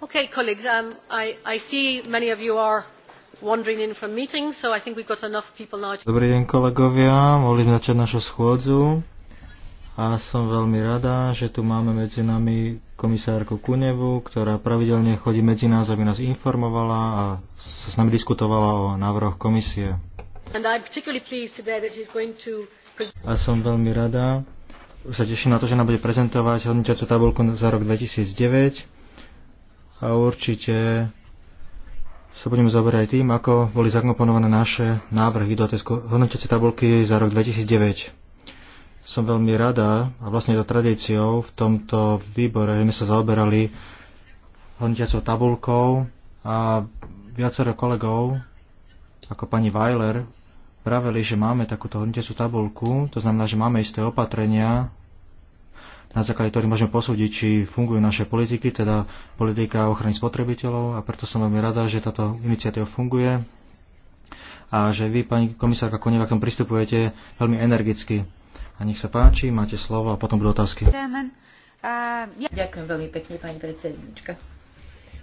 Okay, colleagues, um, I, I see many of you are wandering in from meetings, so I think we've got enough people now. To... Dobrý deň, kolegovia. Mohli sme začať našu schôdzu. A som veľmi rada, že tu máme medzi nami komisárku Kunevu, ktorá pravidelne chodí medzi nás, aby nás informovala a sa s nami diskutovala o návrhoch komisie. And I'm particularly pleased today that she's going to... A som veľmi rada, sa teším na to, že nám bude prezentovať hodnotiacu tabulku za rok 2009 a určite sa budeme zaberať aj tým, ako boli zakomponované naše návrhy do tej hodnotiacej tabulky za rok 2009. Som veľmi rada a vlastne to tradíciou v tomto výbore, že sme sa zaoberali hodnotiacou tabulkou a viacero kolegov, ako pani Weiler, praveli, že máme takúto hodnotiacu tabulku, to znamená, že máme isté opatrenia na základe ktorých môžeme posúdiť, či fungujú naše politiky, teda politika ochrany spotrebiteľov a preto som veľmi rada, že táto iniciatíva funguje a že vy, pani komisárka Koneva, k tomu pristupujete veľmi energicky. A nech sa páči, máte slovo a potom budú otázky. Uh, Ďakujem veľmi pekne, pani predsednička.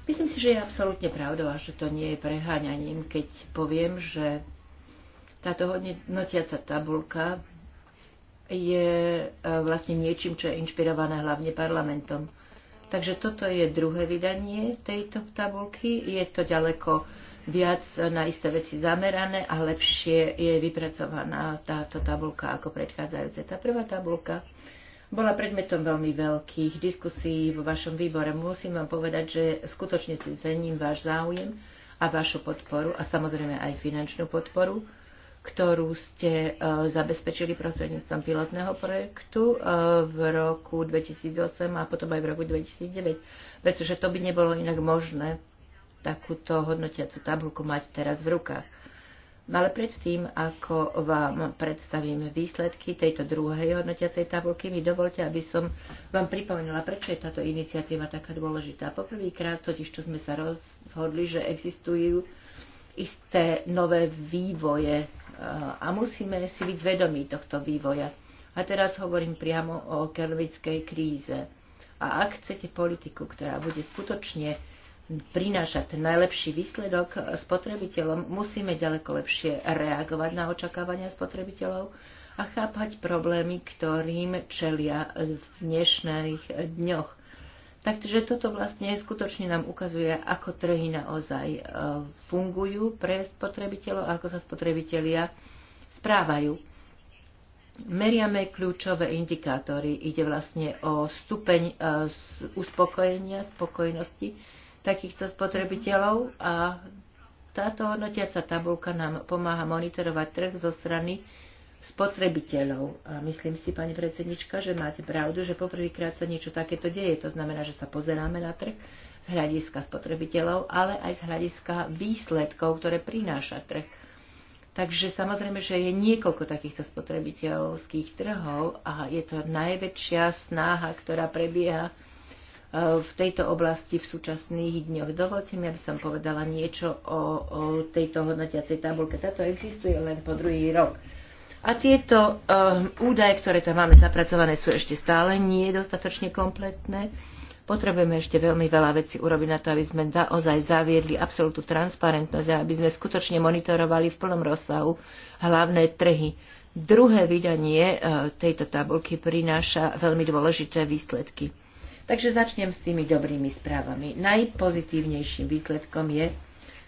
Myslím si, že je absolútne pravdou a že to nie je preháňaním, keď poviem, že táto hodnotiaca tabulka je e, vlastne niečím, čo je inšpirované hlavne parlamentom. Takže toto je druhé vydanie tejto tabulky. Je to ďaleko viac na isté veci zamerané a lepšie je vypracovaná táto tabulka ako predchádzajúce. Tá prvá tabulka bola predmetom veľmi veľkých diskusí vo vašom výbore. Musím vám povedať, že skutočne si cením váš záujem a vašu podporu a samozrejme aj finančnú podporu ktorú ste e, zabezpečili prostredníctvom pilotného projektu e, v roku 2008 a potom aj v roku 2009, pretože to by nebolo inak možné takúto hodnotiacu tabulku mať teraz v rukách. No ale predtým, ako vám predstavím výsledky tejto druhej hodnotiacej tabulky, mi dovolte, aby som vám pripomenula, prečo je táto iniciatíva taká dôležitá. Poprvýkrát totiž, čo sme sa rozhodli, že existujú isté nové vývoje a musíme si byť vedomí tohto vývoja. A teraz hovorím priamo o kerovickej kríze. A ak chcete politiku, ktorá bude skutočne prinášať najlepší výsledok spotrebiteľom, musíme ďaleko lepšie reagovať na očakávania spotrebiteľov a chápať problémy, ktorým čelia v dnešných dňoch Takže toto vlastne skutočne nám ukazuje, ako trhy naozaj e, fungujú pre spotrebiteľov a ako sa spotrebitelia správajú. Meriame kľúčové indikátory. Ide vlastne o stupeň e, uspokojenia, spokojnosti takýchto spotrebiteľov a táto hodnotiaca tabulka nám pomáha monitorovať trh zo strany spotrebiteľov. A myslím si, pani predsednička, že máte pravdu, že poprvýkrát sa niečo takéto deje. To znamená, že sa pozeráme na trh z hľadiska spotrebiteľov, ale aj z hľadiska výsledkov, ktoré prináša trh. Takže samozrejme, že je niekoľko takýchto spotrebiteľských trhov a je to najväčšia snaha, ktorá prebieha e, v tejto oblasti v súčasných dňoch. Dovolte mi, aby som povedala niečo o, o tejto hodnotiacej tabulke. Táto existuje len po druhý rok. A tieto eh, údaje, ktoré tam máme zapracované, sú ešte stále nie dostatočne kompletné. Potrebujeme ešte veľmi veľa vecí urobiť na to, aby sme naozaj zaviedli absolútnu transparentnosť a aby sme skutočne monitorovali v plnom rozsahu hlavné trhy. Druhé vydanie eh, tejto tabulky prináša veľmi dôležité výsledky. Takže začnem s tými dobrými správami. Najpozitívnejším výsledkom je,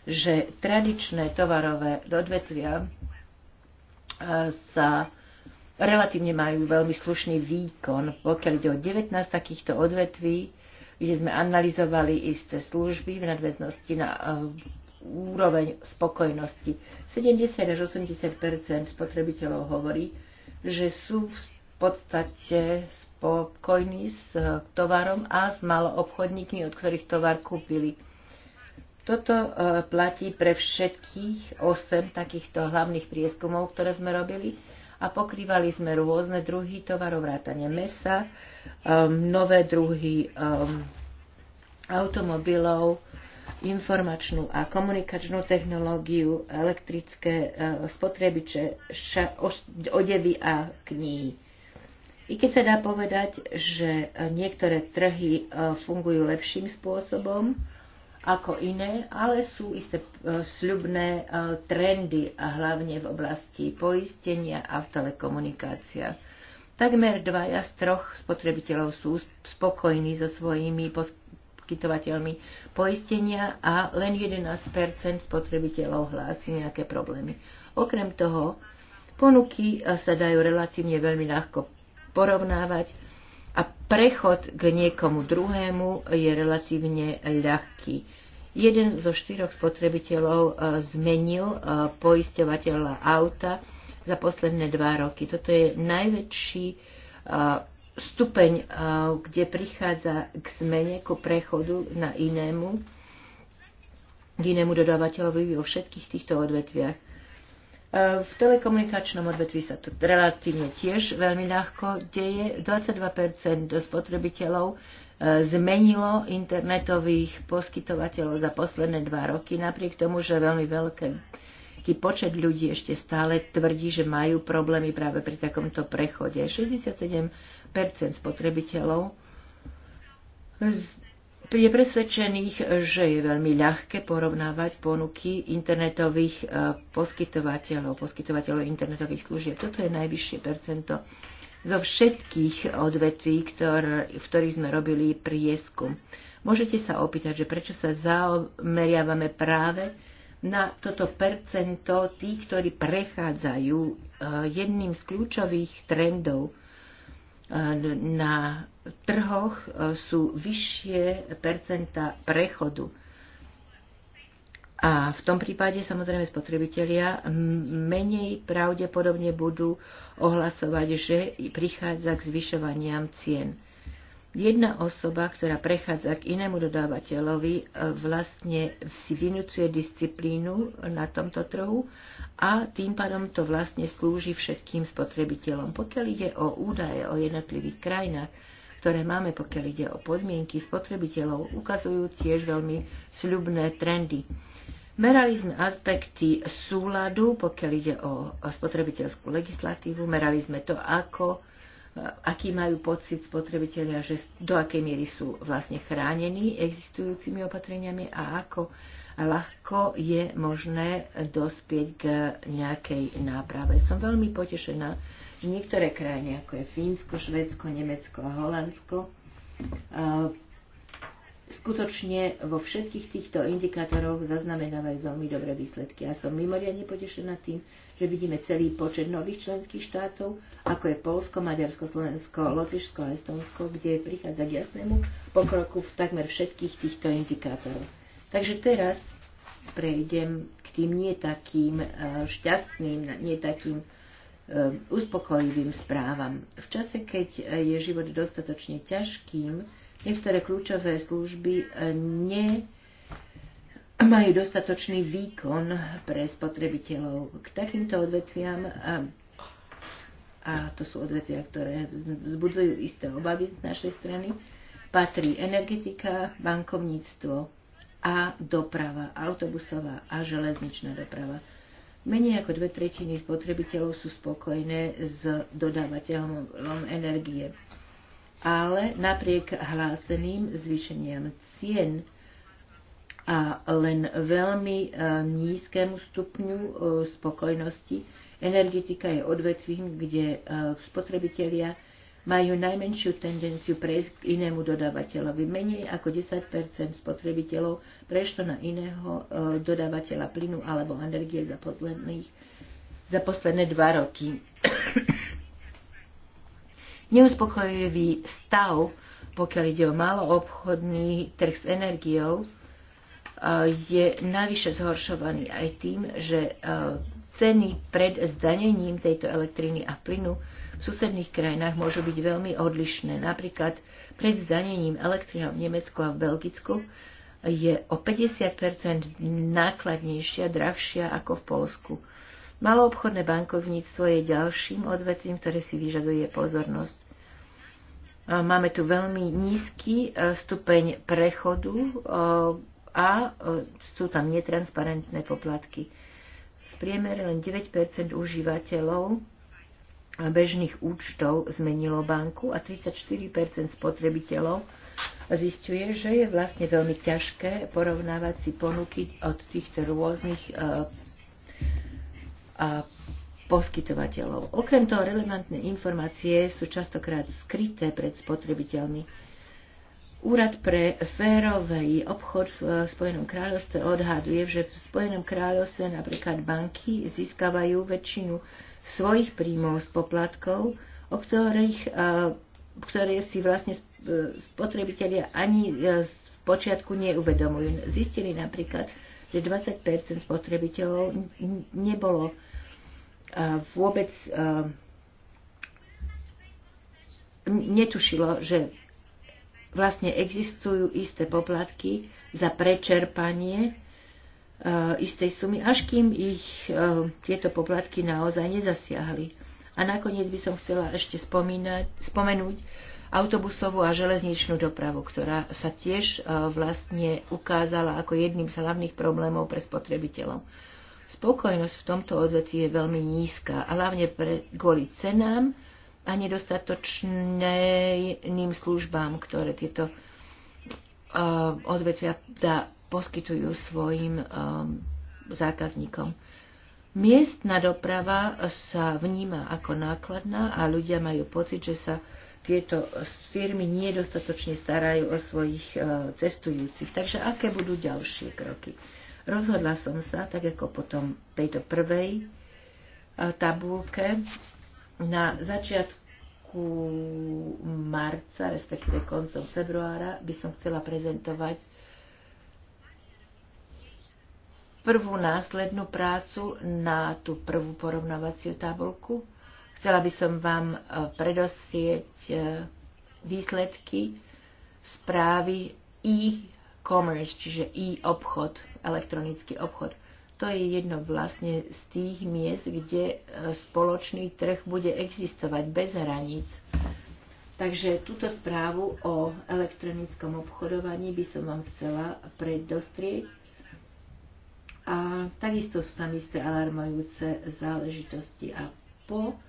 že tradičné tovarové odvetvia sa relatívne majú veľmi slušný výkon. Pokiaľ ide o 19 takýchto odvetví, kde sme analyzovali isté služby v nadväznosti na e, úroveň spokojnosti. 70 až 80 spotrebiteľov hovorí, že sú v podstate spokojní s tovarom a s maloobchodníkmi, od ktorých tovar kúpili. Toto e, platí pre všetkých 8 takýchto hlavných prieskumov, ktoré sme robili a pokrývali sme rôzne druhy tovarov, vrátane mesa, um, nové druhy um, automobilov, informačnú a komunikačnú technológiu, elektrické uh, spotrebiče, ša, odevy a knihy. I keď sa dá povedať, že niektoré trhy uh, fungujú lepším spôsobom, ako iné, ale sú isté e, sľubné e, trendy a hlavne v oblasti poistenia a v telekomunikáciách. Takmer dvaja z troch spotrebiteľov sú spokojní so svojimi poskytovateľmi poistenia a len 11 spotrebiteľov hlási nejaké problémy. Okrem toho, ponuky e, sa dajú relatívne veľmi ľahko porovnávať a prechod k niekomu druhému je relatívne ľahký. Jeden zo štyroch spotrebiteľov e, zmenil e, poisťovateľa auta za posledné dva roky. Toto je najväčší e, stupeň, kde prichádza k zmene, ku prechodu na inému, k inému dodávateľovi vo všetkých týchto odvetviach. V telekomunikačnom odvetví sa to relatívne tiež veľmi ľahko deje. 22 spotrebiteľov e, zmenilo internetových poskytovateľov za posledné dva roky, napriek tomu, že veľmi veľké počet ľudí ešte stále tvrdí, že majú problémy práve pri takomto prechode. 67 spotrebiteľov je presvedčených, že je veľmi ľahké porovnávať ponuky internetových e, poskytovateľov, poskytovateľov internetových služieb. Toto je najvyššie percento zo všetkých odvetví, ktor, v ktorých sme robili prieskum. Môžete sa opýtať, že prečo sa zameriavame práve na toto percento tých, ktorí prechádzajú e, jedným z kľúčových trendov na trhoch e, sú vyššie percenta prechodu. A v tom prípade samozrejme spotrebitelia menej pravdepodobne budú ohlasovať, že prichádza k zvyšovaniam cien jedna osoba, ktorá prechádza k inému dodávateľovi, e, vlastne si vynúcuje disciplínu na tomto trhu a tým pádom to vlastne slúži všetkým spotrebiteľom. Pokiaľ ide o údaje o jednotlivých krajinách, ktoré máme, pokiaľ ide o podmienky spotrebiteľov, ukazujú tiež veľmi sľubné trendy. Merali sme aspekty súladu, pokiaľ ide o, spotrebiteľskú legislatívu, merali sme to, ako aký majú pocit spotrebitelia, že do akej miery sú vlastne chránení existujúcimi opatreniami a ako ľahko je možné dospieť k nejakej náprave. Som veľmi potešená, že niektoré krajiny, ako je Fínsko, Švedsko, Nemecko a Holandsko, skutočne vo všetkých týchto indikátoroch zaznamenávajú veľmi dobré výsledky. Ja som mimoriadne potešená tým, že vidíme celý počet nových členských štátov, ako je Polsko, Maďarsko, Slovensko, Lotyšsko a Estonsko, kde prichádza k jasnému pokroku v takmer všetkých týchto indikátoroch. Takže teraz prejdem k tým nie takým e, šťastným, nie takým e, uspokojivým správam. V čase, keď je život dostatočne ťažkým, Niektoré kľúčové služby e, ne majú dostatočný výkon pre spotrebiteľov. K takýmto odvetviam a to sú odvetvia, ktoré vzbudzujú isté obavy z našej strany, patrí energetika, bankovníctvo a doprava, autobusová a železničná doprava. Menej ako dve tretiny spotrebiteľov sú spokojné s dodávateľom energie ale napriek hláseným zvýšeniam cien a len veľmi eh, nízkému stupňu eh, spokojnosti energetika je odvetvím, kde eh, spotrebitelia majú najmenšiu tendenciu prejsť k inému dodávateľovi. Menej ako 10 spotrebiteľov prešlo na iného dodávateľa plynu alebo energie za, posledných, za posledné dva roky neuspokojivý stav, pokiaľ ide o maloobchodný trh s energiou, e, je navyše zhoršovaný aj tým, že e, ceny pred zdanením tejto elektriny a plynu v susedných krajinách môžu byť veľmi odlišné. Napríklad pred zdanením elektrina v Nemecku a v Belgicku je o 50 nákladnejšia, drahšia ako v Polsku. Maloobchodné bankovníctvo je ďalším odvetvím, ktoré si vyžaduje pozornosť. Máme tu veľmi nízky e, stupeň prechodu e, a e, sú tam netransparentné poplatky. V priemere len 9 užívateľov bežných účtov zmenilo banku a 34 spotrebiteľov zistuje, že je vlastne veľmi ťažké porovnávať si ponuky od týchto rôznych poskytovateľov. Okrem toho, relevantné informácie sú častokrát skryté pred spotrebiteľmi. Úrad pre férovej obchod v Spojenom kráľovstve odhaduje, že v Spojenom kráľovstve napríklad banky získavajú väčšinu svojich príjmov z poplatkov, o ktorých, e, ktoré si vlastne spotrebitelia ani v e, počiatku neuvedomujú. Zistili napríklad, že 20 spotrebiteľov nebolo vôbec eh, netušilo, že vlastne existujú isté poplatky za prečerpanie eh, istej sumy, až kým ich eh, tieto poplatky naozaj nezasiahli. A nakoniec by som chcela ešte spomínať, spomenúť autobusovú a železničnú dopravu, ktorá sa tiež vlastne ukázala ako jedným z hlavných problémov pre spotrebiteľov spokojnosť v tomto odvetví je veľmi nízka, a hlavne pre, kvôli cenám a nedostatočným službám, ktoré tieto uh, odvetvia da, poskytujú svojim um, zákazníkom. Miestna doprava sa vníma ako nákladná a ľudia majú pocit, že sa tieto firmy nedostatočne starajú o svojich uh, cestujúcich. Takže aké budú ďalšie kroky? Rozhodla som sa, tak ako potom tejto prvej e, tabulke, na začiatku marca, respektíve koncom februára, by som chcela prezentovať prvú následnú prácu na tú prvú porovnávaciu tabulku. Chcela by som vám e, predostrieť e, výsledky správy i commerce, čiže e-obchod, elektronický obchod. To je jedno vlastne z tých miest, kde e, spoločný trh bude existovať bez hraníc. Takže túto správu o elektronickom obchodovaní by som vám chcela predostrieť. A takisto sú tam isté alarmujúce záležitosti. A po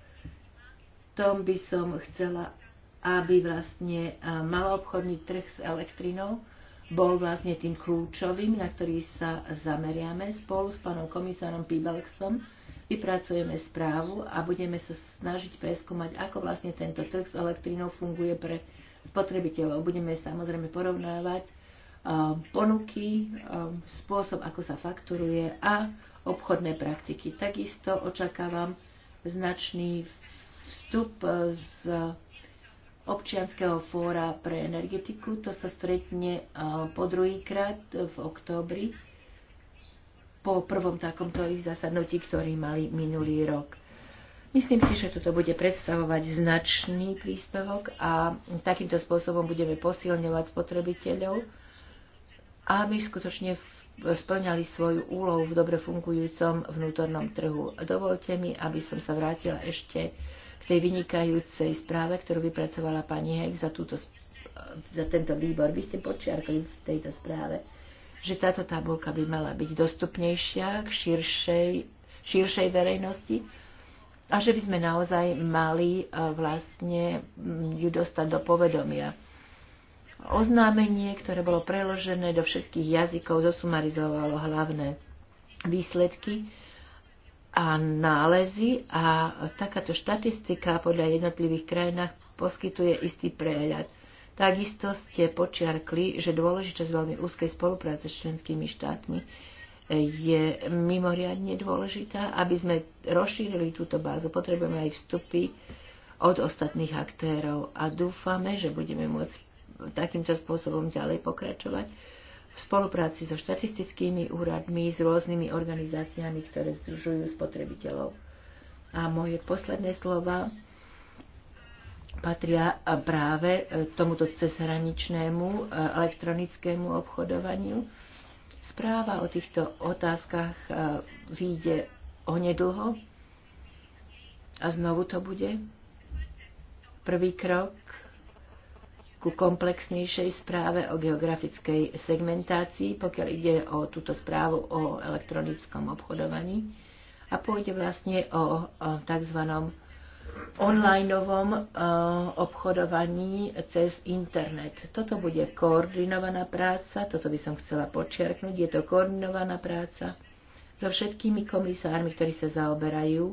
tom by som chcela, aby vlastne e, maloobchodný trh s elektrinou bol vlastne tým kľúčovým, na ktorý sa zameriame. Spolu s pánom komisárom Pibalksom vypracujeme správu a budeme sa snažiť preskúmať, ako vlastne tento trh s elektrínou funguje pre spotrebiteľov. Budeme samozrejme porovnávať e, ponuky, e, spôsob, ako sa fakturuje a obchodné praktiky. Takisto očakávam značný vstup z občianského fóra pre energetiku. To sa stretne e, po druhýkrát v októbri po prvom takomto ich zasadnutí, ktorý mali minulý rok. Myslím si, že toto bude predstavovať značný príspevok a takýmto spôsobom budeme posilňovať spotrebiteľov, aby skutočne splňali svoju úlohu v dobre fungujúcom vnútornom trhu. Dovolte mi, aby som sa vrátila ešte tej vynikajúcej správe, ktorú vypracovala pani Hek za, túto, za tento výbor. Vy ste počiarkli v tejto správe, že táto tabulka by mala byť dostupnejšia k širšej, širšej verejnosti a že by sme naozaj mali e, vlastne ju dostať do povedomia. Oznámenie, ktoré bolo preložené do všetkých jazykov, zosumarizovalo hlavné výsledky a nálezy a takáto štatistika podľa jednotlivých krajinách poskytuje istý prehľad. Takisto ste počiarkli, že dôležitosť veľmi úzkej spolupráce s členskými štátmi je mimoriadne dôležitá. Aby sme rozšírili túto bázu, potrebujeme aj vstupy od ostatných aktérov a dúfame, že budeme môcť takýmto spôsobom ďalej pokračovať v spolupráci so štatistickými úradmi, s rôznymi organizáciami, ktoré združujú spotrebiteľov. A moje posledné slova patria práve e, tomuto cezhraničnému e, elektronickému obchodovaniu. Správa o týchto otázkach e, vyjde onedlho a znovu to bude. Prvý krok ku komplexnejšej správe o geografickej segmentácii, pokiaľ ide o túto správu o elektronickom obchodovaní. A pôjde vlastne o, tzv. onlineovom e, obchodovaní cez internet. Toto bude koordinovaná práca, toto by som chcela počiarknúť, je to koordinovaná práca so všetkými komisármi, ktorí sa zaoberajú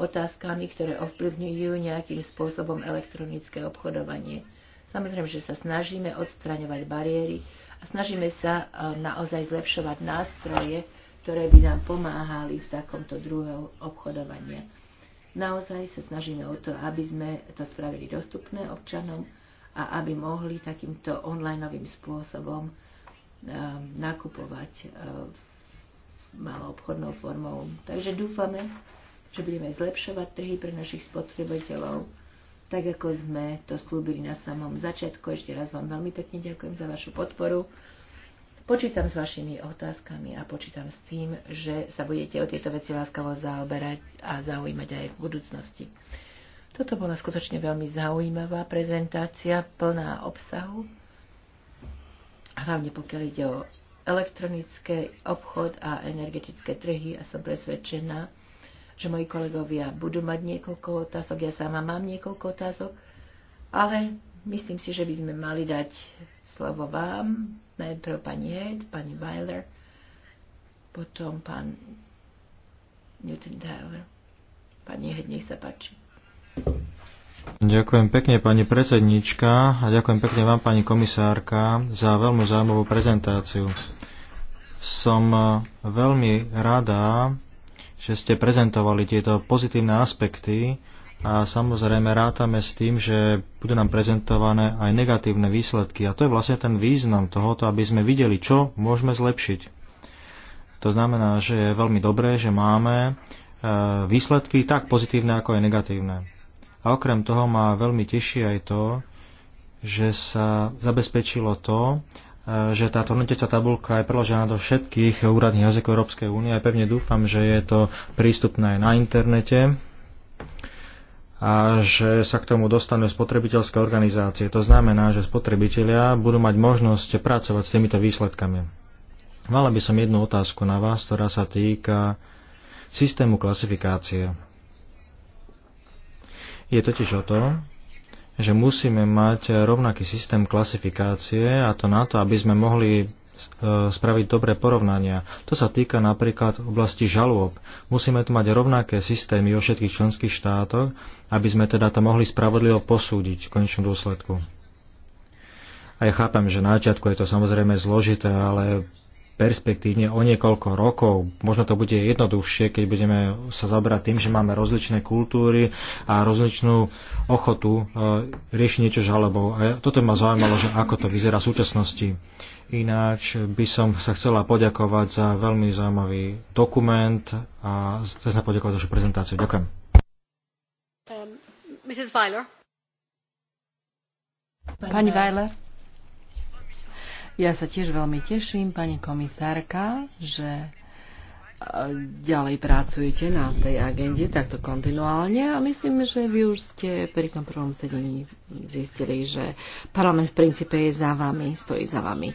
otázkami, ktoré ovplyvňujú nejakým spôsobom elektronické obchodovanie. Samozrejme, že sa snažíme odstraňovať bariéry a snažíme sa e, naozaj zlepšovať nástroje, ktoré by nám pomáhali v takomto druhom obchodovania. Naozaj sa snažíme o to, aby sme to spravili dostupné občanom a aby mohli takýmto onlineovým spôsobom e, nakupovať e, malou obchodnou formou. Takže dúfame, že budeme zlepšovať trhy pre našich spotrebiteľov tak ako sme to slúbili na samom začiatku. Ešte raz vám veľmi pekne ďakujem za vašu podporu. Počítam s vašimi otázkami a počítam s tým, že sa budete o tieto veci láskavo zaoberať a zaujímať aj v budúcnosti. Toto bola skutočne veľmi zaujímavá prezentácia, plná obsahu, hlavne pokiaľ ide o elektronické obchod a energetické trhy a som presvedčená, že moji kolegovia budú mať niekoľko otázok, ja sama mám niekoľko otázok, ale myslím si, že by sme mali dať slovo vám, najprv pani Head, pani Weiler, potom pán Newton Tyler. Pani Head, nech sa páči. Ďakujem pekne pani predsednička a ďakujem pekne vám pani komisárka za veľmi zaujímavú prezentáciu. Som eh, veľmi rada, že ste prezentovali tieto pozitívne aspekty a samozrejme rátame s tým, že budú nám prezentované aj negatívne výsledky. A to je vlastne ten význam tohoto, aby sme videli, čo môžeme zlepšiť. To znamená, že je veľmi dobré, že máme e, výsledky tak pozitívne, ako aj negatívne. A okrem toho ma veľmi teší aj to, že sa zabezpečilo to, E, že táto hodnotiaca tabulka je preložená do všetkých úradných jazykov Európskej únie a pevne dúfam, že je to prístupné aj na internete a že sa k tomu dostanú spotrebiteľské organizácie. To znamená, že spotrebitelia budú mať možnosť pracovať s týmito výsledkami. Mala by som jednu otázku na vás, ktorá sa týka systému klasifikácie. Je totiž o to, že musíme mať rovnaký systém klasifikácie a to na to, aby sme mohli e, spraviť dobré porovnania. To sa týka napríklad oblasti žalôb. Musíme tu mať rovnaké systémy vo všetkých členských štátoch, aby sme teda to mohli spravodlivo posúdiť v konečnom dôsledku. A ja chápem, že na začiatku je to samozrejme zložité, ale perspektívne o niekoľko rokov. Možno to bude jednoduchšie, keď budeme sa zabrať tým, že máme rozličné kultúry a rozličnú ochotu e, riešiť niečo žalobou. A e, toto ma zaujímalo, že ako to vyzerá v súčasnosti. Ináč by som sa chcela poďakovať za veľmi zaujímavý dokument a chcem sa poďakovať za vašu prezentáciu. Ďakujem. Um, Mrs. Weiler. Pani Weiler. Ja sa tiež veľmi teším, pani komisárka, že e, ďalej pracujete na tej agende takto kontinuálne a myslím, že vy už ste pri tom prvom sedení zistili, že parlament v princípe je za vami, stojí za vami.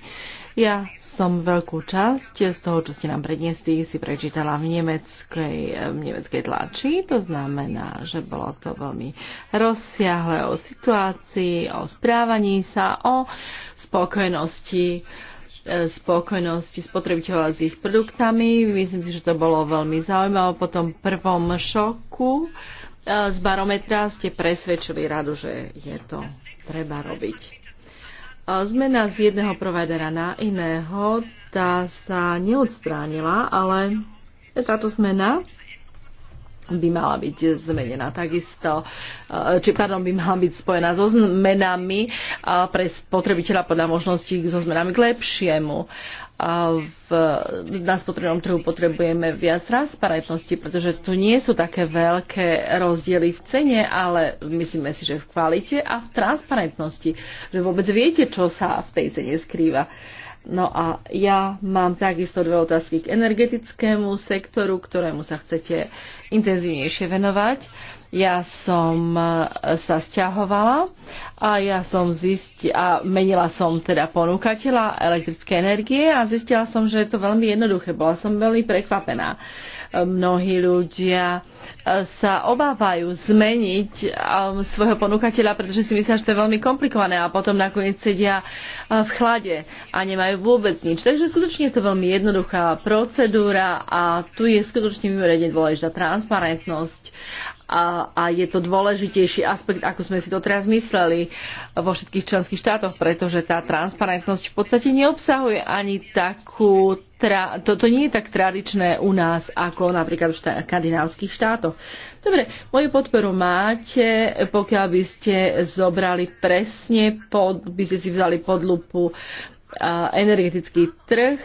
Ja som veľkú časť z toho, čo ste nám predniesli, si prečítala v nemeckej, v nemeckej tlači. To znamená, že bolo to veľmi rozsiahle o situácii, o správaní sa, o spokojnosti e, spokojnosti spotrebiteľa s ich produktami. Myslím si, že to bolo veľmi zaujímavé. Po tom prvom šoku e, z barometra ste presvedčili radu, že je to treba robiť. Zmena z jedného providera na iného, tá sa neodstránila, ale táto zmena by mala byť zmenená takisto, eh, či pardon, by mala byť spojená so zmenami eh, pre spotrebiteľa podľa možností so zmenami k lepšiemu v, na spotrebnom trhu potrebujeme viac transparentnosti, pretože tu nie sú také veľké rozdiely v cene, ale myslíme si, že v kvalite a v transparentnosti, že vôbec viete, čo sa v tej cene skrýva. No a ja mám takisto dve otázky k energetickému sektoru, ktorému sa chcete intenzívnejšie venovať. Ja som e, sa stiahovala a ja som zistila, a menila som teda ponúkateľa elektrické energie a zistila som, že je to veľmi jednoduché. Bola som veľmi prekvapená. Uh, Mnohí ľudia e, sa obávajú zmeniť e, svojho ponúkateľa, pretože si myslia, že to je veľmi komplikované a potom nakoniec sedia e, v chlade a nemajú vôbec nič. Takže skutočne je to veľmi jednoduchá procedúra a tu je skutočne mimoriadne dôležitá transparentnosť a, a je to dôležitejší aspekt, ako sme si to teraz mysleli vo všetkých členských štátoch, pretože tá transparentnosť v podstate neobsahuje ani takú tra, to, to nie je tak tradičné u nás ako napríklad v štá, štátoch. Dobre, moju podporu máte, pokiaľ by ste zobrali presne, pod, by ste si vzali pod lupu energetický trh,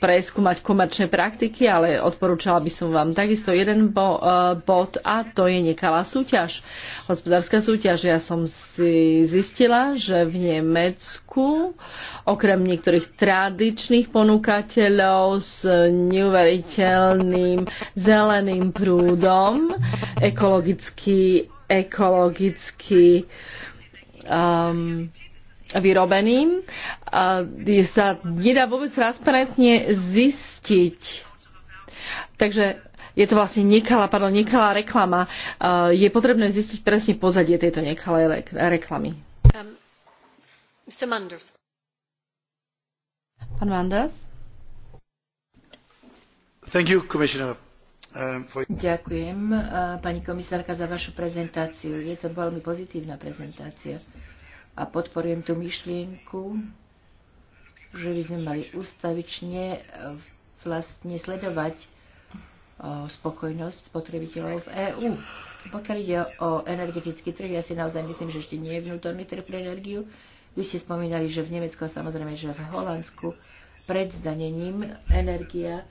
preskúmať komerčné praktiky, ale odporúčala by som vám takisto jeden bod a to je nekalá súťaž. Hospodárska súťaž. Ja som si zistila, že v Nemecku okrem niektorých tradičných ponúkateľov s neuveriteľným zeleným prúdom ekologicky ekologicky um, vyrobeným, Je sa nedá vôbec transparentne zistiť. Takže je to vlastne nekalá, pardon, nekalá reklama. Je potrebné zistiť presne pozadie tejto nekalej reklamy. Um, Pán Manders. Thank you, Commissioner. Um, Ďakujem, uh, pani komisárka, za vašu prezentáciu. Je to veľmi pozitívna prezentácia a podporujem tú myšlienku, že by sme mali ústavične e, vlastne sledovať e, spokojnosť spotrebiteľov v EÚ. Pokiaľ ide o energetický trh, ja si naozaj myslím, že ešte nie je vnútorný trh pre energiu. Vy ste spomínali, že v Nemecku a samozrejme, že v Holandsku pred zdanením energia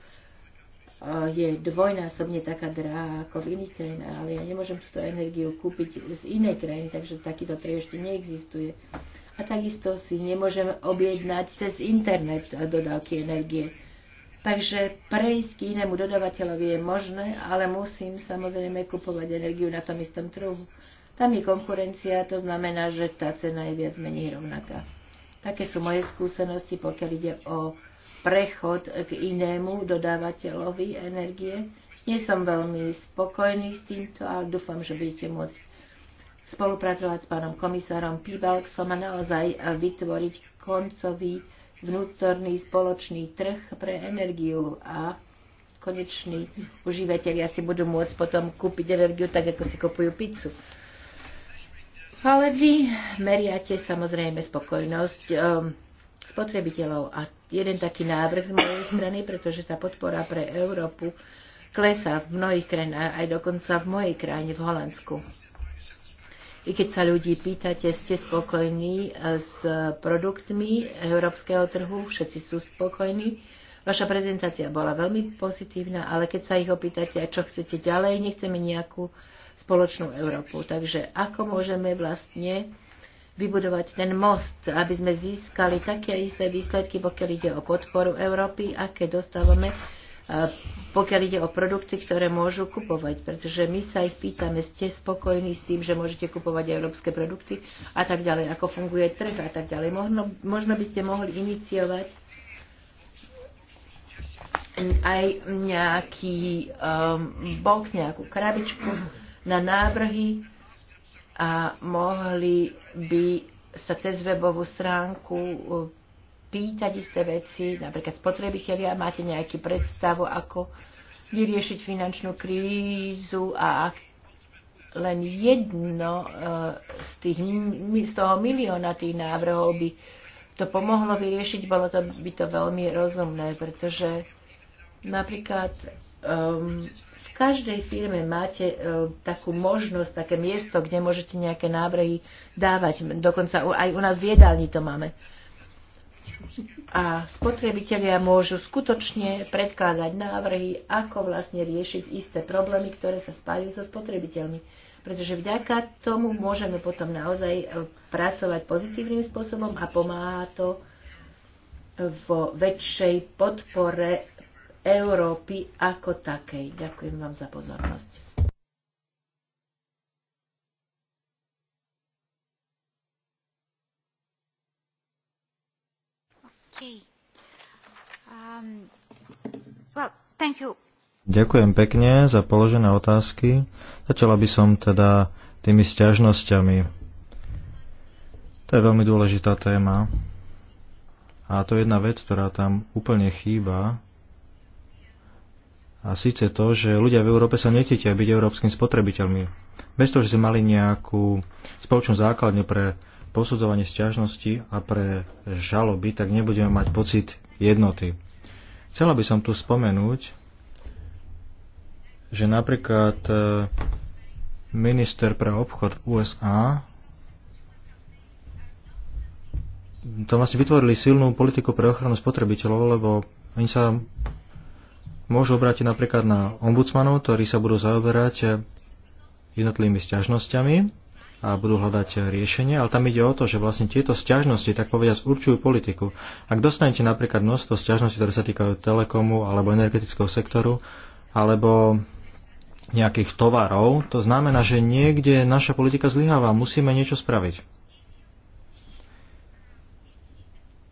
Eh, je dvojnásobne taká drahá ako v iných krajinách, ale ja nemôžem túto energiu kúpiť z inej krajiny, takže takýto trh ešte neexistuje. A takisto si nemôžem objednať cez internet dodávky energie. Takže prejsť k inému dodavateľovi je možné, ale musím samozrejme kupovať energiu na tom istom trhu. Tam je konkurencia, to znamená, že tá cena je viac menej rovnaká. Také sú moje skúsenosti, pokiaľ ide o prechod k inému dodávateľovi energie. Nie som veľmi spokojný s týmto, ale dúfam, že budete môcť spolupracovať s pánom komisárom Pibalksom a naozaj vytvoriť koncový vnútorný spoločný trh pre energiu a koneční užívateľia si budú môcť potom kúpiť energiu tak, ako si kupujú pizzu. Ale vy meriate samozrejme spokojnosť um, spotrebiteľov a jeden taký návrh z mojej strany, pretože tá podpora pre Európu klesá v mnohých krajinách, aj dokonca v mojej krajine, v Holandsku. I keď sa ľudí pýtate, ste spokojní e, s produktmi európskeho trhu, všetci sú spokojní. Vaša prezentácia bola veľmi pozitívna, ale keď sa ich opýtate, čo chcete ďalej, nechceme nejakú spoločnú Európu. Takže ako môžeme vlastne vybudovať ten most, aby sme získali také isté výsledky, pokiaľ ide o podporu Európy, aké dostávame, pokiaľ ide o produkty, ktoré môžu kupovať. Pretože my sa ich pýtame, ste spokojní s tým, že môžete kupovať európske produkty a tak ďalej, ako funguje trh a tak ďalej. Možno, možno by ste mohli iniciovať aj nejaký um, box, nejakú krabičku na návrhy a mohli by sa cez webovú stránku e, pýtať isté veci, napríklad spotrebitelia, máte nejakú predstavu, ako vyriešiť finančnú krízu a ak len jedno e, z, tých, z toho milióna tých návrhov by to pomohlo vyriešiť, bolo to by to veľmi rozumné, pretože napríklad um, každej firme máte uh, takú možnosť, také miesto, kde môžete nejaké návrhy dávať. Dokonca aj u nás v jedálni to máme. A spotrebitelia môžu skutočne predkladať návrhy, ako vlastne riešiť isté problémy, ktoré sa spájajú so spotrebiteľmi. Pretože vďaka tomu môžeme potom naozaj e, pracovať pozitívnym spôsobom a pomáha to vo väčšej podpore Európy ako takej. Ďakujem vám za pozornosť. Okay. Um, well, thank you. Ďakujem pekne za položené otázky. Začala by som teda tými sťažnosťami. To je veľmi dôležitá téma. A to je jedna vec, ktorá tam úplne chýba a síce to, že ľudia v Európe sa necítia byť európskymi spotrebiteľmi. Bez toho, že sme mali nejakú spoločnú základňu pre posudzovanie sťažnosti a pre žaloby, tak nebudeme mať pocit jednoty. Chcela by som tu spomenúť, že napríklad e, minister pre obchod USA to vlastne vytvorili silnú politiku pre ochranu spotrebiteľov, lebo oni sa môžu obrátiť napríklad na ombudsmanov, ktorí sa budú zaoberať jednotlivými sťažnosťami a budú hľadať riešenie, ale tam ide o to, že vlastne tieto sťažnosti, tak povediať, určujú politiku. Ak dostanete napríklad množstvo sťažností, ktoré sa týkajú telekomu alebo energetického sektoru, alebo nejakých tovarov, to znamená, že niekde naša politika zlyháva, musíme niečo spraviť.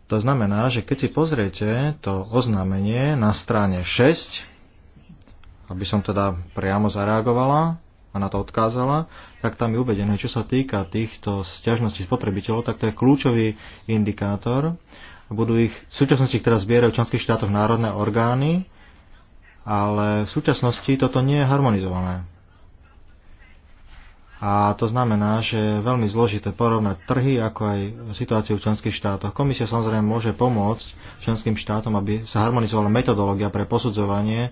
To znamená, že keď si pozriete to oznámenie na strane 6, aby som teda priamo zareagovala a na to odkázala, tak tam je uvedené, čo sa týka týchto sťažností spotrebiteľov, tak to je kľúčový indikátor. Budú ich, v súčasnosti ktorá teraz zbierajú v členských štátoch národné orgány, ale v súčasnosti toto nie je harmonizované. A to znamená, že je veľmi zložité porovnať trhy, ako aj situáciu v členských štátoch. Komisia samozrejme môže pomôcť členským štátom, aby sa harmonizovala metodológia pre posudzovanie e,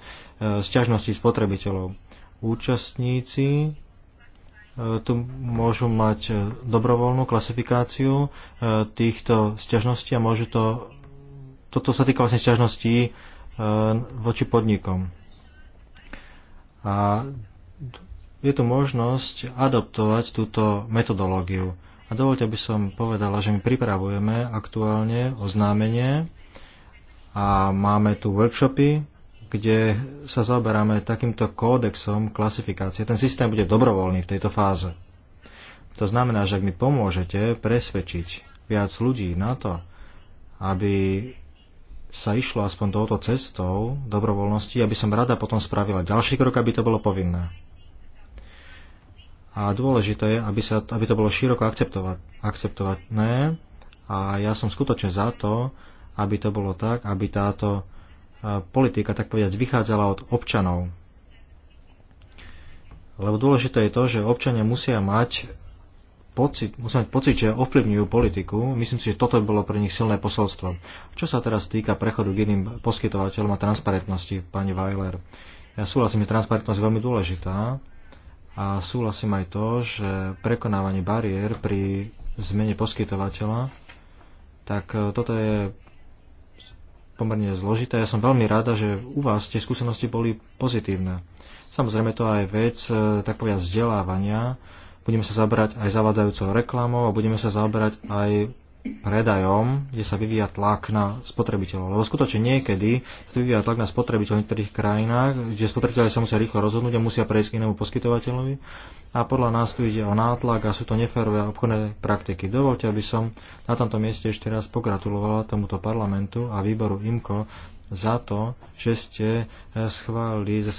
sťažností spotrebiteľov. Účastníci e, tu môžu mať e, dobrovoľnú klasifikáciu týchto sťažností a môžu to... Toto sa týka vlastne sťažností voči podnikom. A je tu možnosť adoptovať túto metodológiu. A dovolte, aby som povedala, že my pripravujeme aktuálne oznámenie a máme tu workshopy, kde sa zaoberáme takýmto kódexom klasifikácie. Ten systém bude dobrovoľný v tejto fáze. To znamená, že ak mi pomôžete presvedčiť viac ľudí na to, aby sa išlo aspoň touto cestou dobrovoľnosti, aby som rada potom spravila ďalší krok, aby to bolo povinné. A dôležité je, aby, sa, aby to bolo široko akceptované. A ja som skutočne za to, aby to bolo tak, aby táto e, politika, tak povedať, vychádzala od občanov. Lebo dôležité je to, že občania musia mať pocit, musia mať pocit, že ovplyvňujú politiku. Myslím si, že toto bolo pre nich silné posolstvo. Čo sa teraz týka prechodu k iným poskytovateľom a transparentnosti, pani Weiler? Ja súhlasím, že transparentnosť je veľmi dôležitá, a súhlasím aj to, že prekonávanie bariér pri zmene poskytovateľa, tak e, toto je pomerne zložité. Ja som veľmi rada, že u vás tie skúsenosti boli pozitívne. Samozrejme to aj vec, e, tak povedať, vzdelávania. Budeme sa zabrať aj zavadzajúcou reklamou a budeme sa zabrať aj predajom, kde sa vyvíja tlak na spotrebiteľov. Lebo skutočne niekedy sa vyvíja tlak na spotrebiteľov v niektorých krajinách, kde spotrebiteľe sa musia rýchlo rozhodnúť a musia prejsť k inému poskytovateľovi. A podľa nás tu ide o nátlak a sú to neférové obchodné praktiky. Dovolte, aby som na tomto mieste ešte raz pogratulovala tomuto parlamentu a výboru IMCO za to, že ste eh, schválili eh,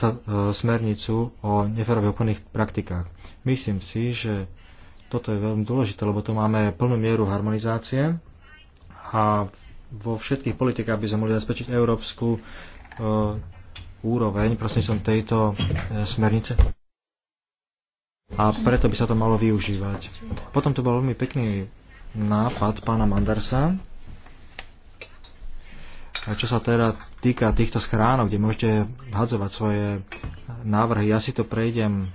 smernicu o neférových obchodných praktikách. Myslím si, že toto je veľmi dôležité, lebo tu máme plnú mieru harmonizácie a vo všetkých politikách by sme mohli zabezpečiť európsku e, úroveň prostredníctvom tejto e, smernice. A preto by sa to malo využívať. Potom to bol veľmi pekný nápad pána Mandersa, čo sa teda týka týchto schránok, kde môžete hadzovať svoje návrhy. Ja si to prejdem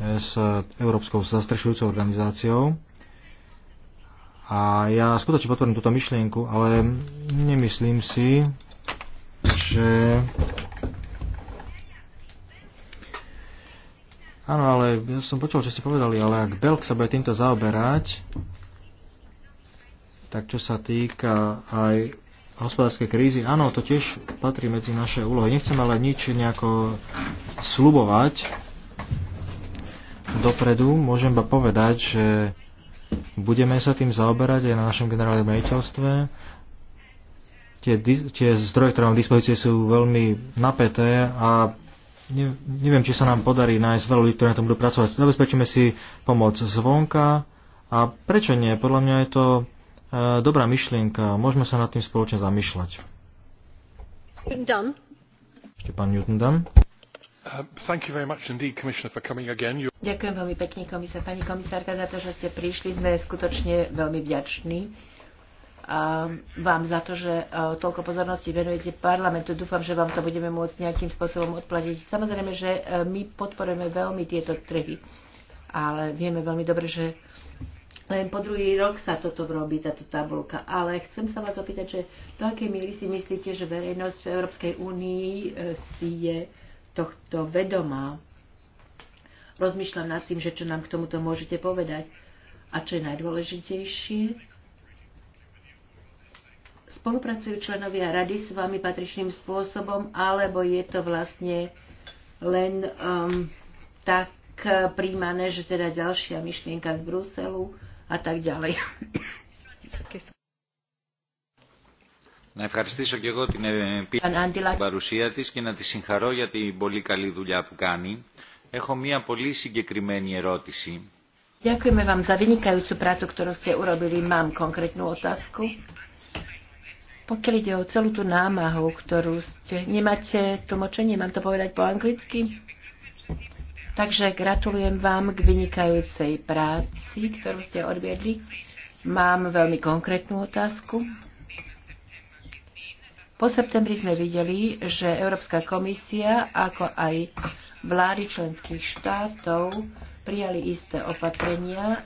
s Európskou zastrešujúcou organizáciou. A ja skutočne podporím túto myšlienku, ale nemyslím si, že... Áno, ale ja som počul, čo ste povedali, ale ak Belk sa bude týmto zaoberať, tak čo sa týka aj hospodárskej krízy, áno, to tiež patrí medzi naše úlohy. Nechcem ale nič nejako slubovať, dopredu, môžem iba povedať, že budeme sa tým zaoberať aj na našom generálnom majiteľstve. Tie, tie zdroje, ktoré mám v dispozícii, sú veľmi napäté a ne, neviem, či sa nám podarí nájsť veľa ľudí, ktorí na tom budú pracovať. Zabezpečíme si pomoc zvonka a prečo nie? Podľa mňa je to e, dobrá myšlienka. Môžeme sa nad tým spoločne zamýšľať. Ešte pán Newton Dan. Uh, Ďakujem veľmi pekne, komisár. Pani komisárka, za to, že ste prišli. Sme skutočne veľmi vďační um, vám za to, že uh, toľko pozornosti venujete parlamentu. Dúfam, že vám to budeme môcť nejakým spôsobom odplatiť. Samozrejme, že uh, my podporujeme veľmi tieto trhy, ale vieme veľmi dobre, že len po druhý rok sa toto robí, táto tabulka. Ale chcem sa vás opýtať, že do akej miery si myslíte, že verejnosť v Európskej únii si je tohto vedomá. Rozmýšľam nad tým, že čo nám k tomuto môžete povedať. A čo je najdôležitejšie, spolupracujú členovia rady s vami patričným spôsobom, alebo je to vlastne len um, tak príjmané, že teda ďalšia myšlienka z Bruselu a tak ďalej. Να ευχαριστήσω και εγώ την Επίτροπη παρουσία της και να τη συγχαρώ για την πολύ καλή δουλειά που κάνει. Έχω μία πολύ συγκεκριμένη ερώτηση. Ďakujeme vám za vynikajúcu prácu, ktorú ste urobili. Mám konkrétnu otázku. Pokiaľ ide o celú tú námahu, ktorú ste... Nemáte tlmočenie, mám to povedať po anglicky? Takže gratulujem vám k vynikajúcej práci, ktorú ste odviedli. Mám veľmi konkrétnu otázku. Po septembri sme videli, že Európska komisia, ako aj vlády členských štátov, prijali isté opatrenia,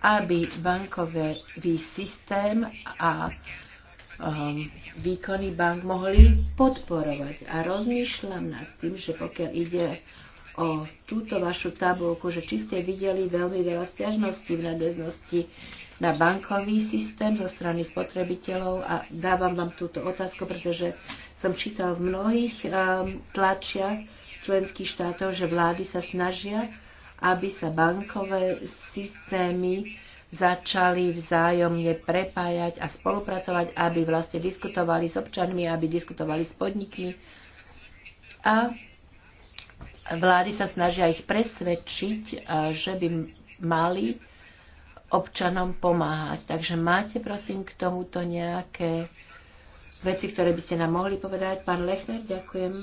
aby bankový systém a um, výkony bank mohli podporovať. A rozmýšľam nad tým, že pokiaľ ide o túto vašu tabulku, že či ste videli veľmi veľa stiažností v nadväznosti na bankový systém zo strany spotrebiteľov a dávam vám túto otázku, pretože som čítal v mnohých um, tlačiach členských štátov, že vlády sa snažia, aby sa bankové systémy začali vzájomne prepájať a spolupracovať, aby vlastne diskutovali s občanmi, aby diskutovali s podnikmi. A vlády sa snažia ich presvedčiť, uh, že by mali občanom pomáhať. Takže máte prosím k tomuto nejaké veci, ktoré by ste nám mohli povedať. Pán Lechner, ďakujem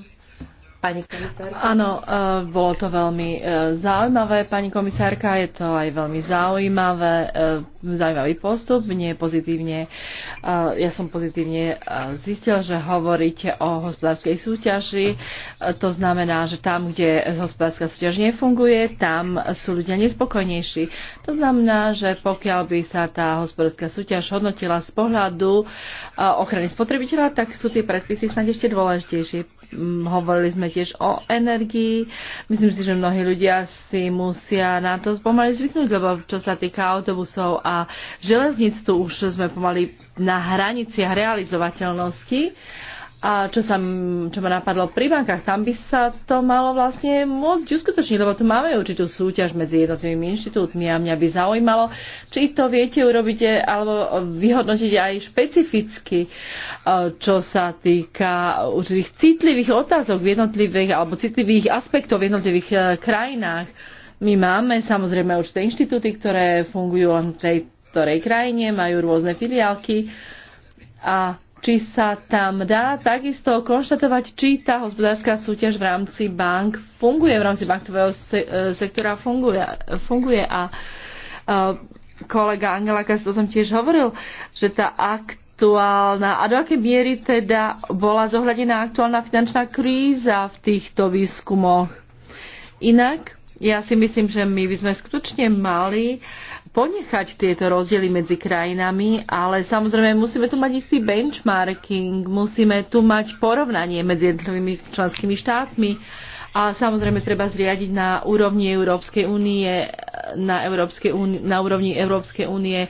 pani komisárka. Áno, e, bolo to veľmi e, zaujímavé, pani komisárka, je to aj veľmi zaujímavé, e, zaujímavý postup, nie pozitívne. Ja som pozitívne zistil, že hovoríte o hospodárskej súťaži, to znamená, že tam, kde hospodárska súťaž nefunguje, tam sú ľudia nespokojnejší. To znamená, že pokiaľ by sa tá hospodárska súťaž hodnotila z pohľadu ochrany spotrebiteľa, tak sú tie predpisy snad ešte dôležitejšie Mm, hovorili sme tiež o energii. Myslím si, že mnohí ľudia si musia na to pomaly zvyknúť, lebo čo sa týka autobusov a železnic, tu už sme pomaly na hraniciach realizovateľnosti. A čo, sa, čo ma napadlo pri bankách, tam by sa to malo vlastne môcť uskutočniť, lebo tu máme určitú súťaž medzi jednotlivými inštitútmi a mňa by zaujímalo, či to viete urobiť e, alebo vyhodnotiť aj špecificky, e, čo sa týka určitých citlivých otázok v jednotlivých alebo citlivých aspektov v jednotlivých e, krajinách. My máme samozrejme určité inštitúty, ktoré fungujú len v tej ktorej krajine, majú rôzne filiálky a či sa tam dá takisto konštatovať, či tá hospodárska súťaž v rámci bank funguje, v rámci bankového e, sektora funguje, funguje a e, kolega Angela Kas o tom tiež hovoril, že tá aktuálna a do akej miery teda bola zohľadená aktuálna finančná kríza v týchto výskumoch. Inak ja si myslím, že my by sme skutočne mali uh, ponechať tieto rozdiely medzi krajinami, ale samozrejme musíme tu mať istý benchmarking, musíme tu mať porovnanie medzi jednotlivými členskými štátmi a samozrejme treba zriadiť na úrovni Európskej únie, na, Európskej únie, na úrovni Európskej únie um,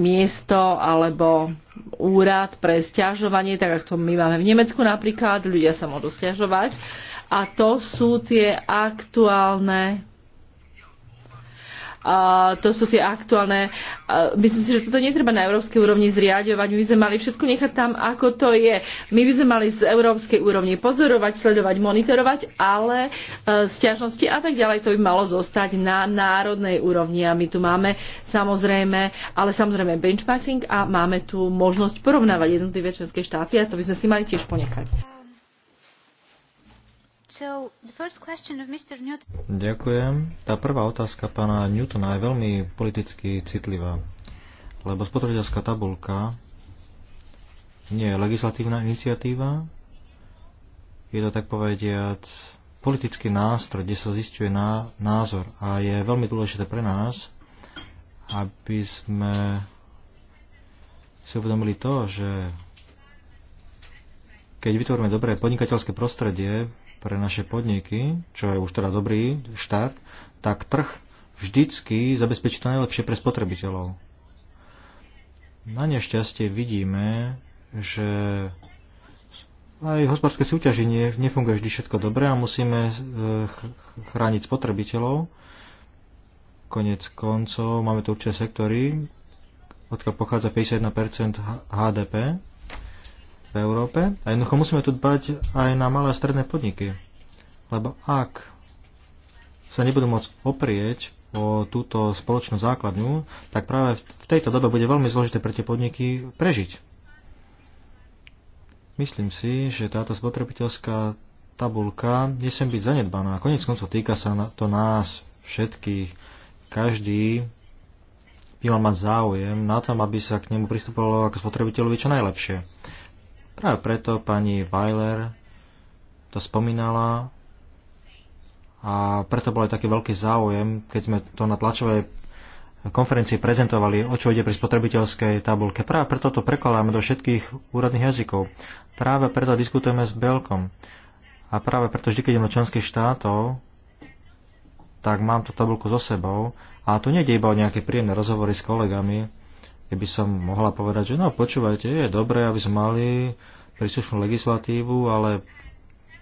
miesto alebo úrad pre stiažovanie, tak ako to my máme v Nemecku napríklad, ľudia sa môžu stiažovať. A to sú tie aktuálne to sú tie aktuálne. myslím si, že toto netreba na európskej úrovni zriadovať. My by sme mali všetko nechať tam, ako to je. My by sme mali z európskej úrovni pozorovať, sledovať, monitorovať, ale e, stiažnosti a tak ďalej to by malo zostať na národnej úrovni. A my tu máme samozrejme, ale samozrejme benchmarking a máme tu možnosť porovnávať jednotlivé členské štáty a to by sme si mali tiež ponechať. So, Ďakujem. Tá prvá otázka pána Newtona je veľmi politicky citlivá, lebo spotrebiteľská tabulka nie je legislatívna iniciatíva, je to tak povediac politický nástroj, kde sa zistuje na názor a je veľmi dôležité pre nás, aby sme si uvedomili to, že keď vytvoríme dobré podnikateľské prostredie, pre naše podniky, čo je už teda dobrý štát, tak trh vždycky zabezpečí to najlepšie pre spotrebiteľov. Na nešťastie vidíme, že aj hospodárske súťaži nefunguje vždy všetko dobre a musíme e, chrániť spotrebiteľov. Konec koncov máme tu určité sektory, odkiaľ pochádza 51% HDP v Európe. A jednoducho musíme tu dbať aj na malé a stredné podniky. Lebo ak sa nebudú môcť oprieť o túto spoločnú základňu, tak práve v tejto dobe bude veľmi zložité pre tie podniky prežiť. Myslím si, že táto spotrebiteľská tabulka nesem byť zanedbaná. Konec koncov týka sa to nás všetkých. Každý by mal mať záujem na tom, aby sa k nemu pristupovalo ako spotrebiteľovi čo najlepšie. Práve preto pani Weiler to spomínala a preto bol aj taký veľký záujem, keď sme to na tlačovej konferencii prezentovali, o čo ide pri spotrebiteľskej tabulke. Práve preto to prekladáme do všetkých úradných jazykov. Práve preto diskutujeme s Belkom. A práve preto vždy, keď idem do členských štátov, tak mám tú tabulku so sebou. A tu nejde iba o nejaké príjemné rozhovory s kolegami, keby som mohla povedať, že no počúvajte, je dobré, aby sme mali príslušnú legislatívu, ale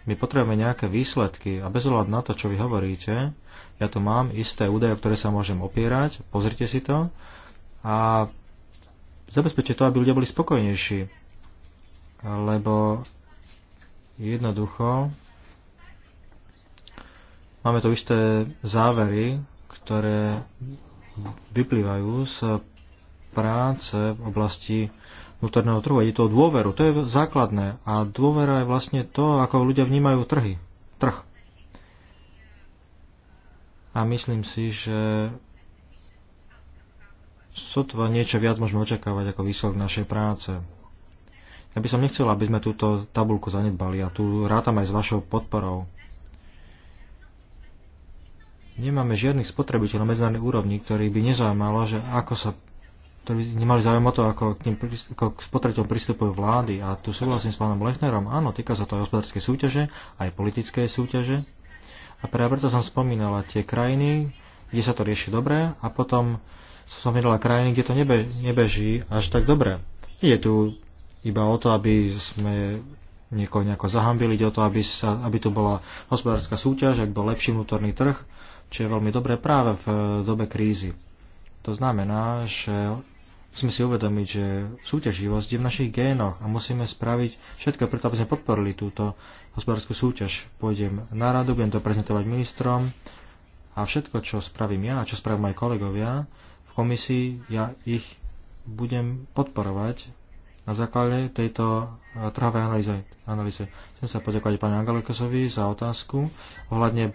my potrebujeme nejaké výsledky a bez ohľadu na to, čo vy hovoríte, ja tu mám isté údaje, ktoré sa môžem opierať, pozrite si to a zabezpečte to, aby ľudia boli spokojnejší. Lebo jednoducho máme tu isté závery, ktoré vyplývajú z práce v oblasti vnútorného trhu. Je to o dôveru, to je základné. A dôvera je vlastne to, ako ľudia vnímajú trhy, trh. A myslím si, že sotva niečo viac môžeme očakávať ako výsledok našej práce. Ja by som nechcel, aby sme túto tabulku zanedbali a tu rátam aj s vašou podporou. Nemáme žiadnych spotrebiteľov na medzinárodnej úrovni, ktorých by nezaujímalo, že ako sa ktorí nemali záujem o to, ako k, ním, ako k spotreťom pristupujú vlády. A tu súhlasím s pánom Lechnerom, áno, týka sa to aj hospodárske súťaže, aj politické súťaže. A práve preto som spomínala tie krajiny, kde sa to rieši dobre a potom som spomínala krajiny, kde to nebe, nebeží až tak dobre. Je tu iba o to, aby sme niekoho nejako zahambili, ide o to, aby, sa, aby tu bola hospodárska súťaž, aby bol lepší vnútorný trh, čo je veľmi dobré práve v eh, dobe krízy. To znamená, že musíme si uvedomiť, že súťaživosť je v našich génoch a musíme spraviť všetko preto, aby sme podporili túto hospodárskú súťaž. Pôjdem na radu, budem to prezentovať ministrom a všetko, čo spravím ja a čo spravím moji kolegovia v komisii, ja ich budem podporovať na základe tejto eh, trhovej analýzy. Chcem sa poďakovať pani Angelikosovi za otázku ohľadne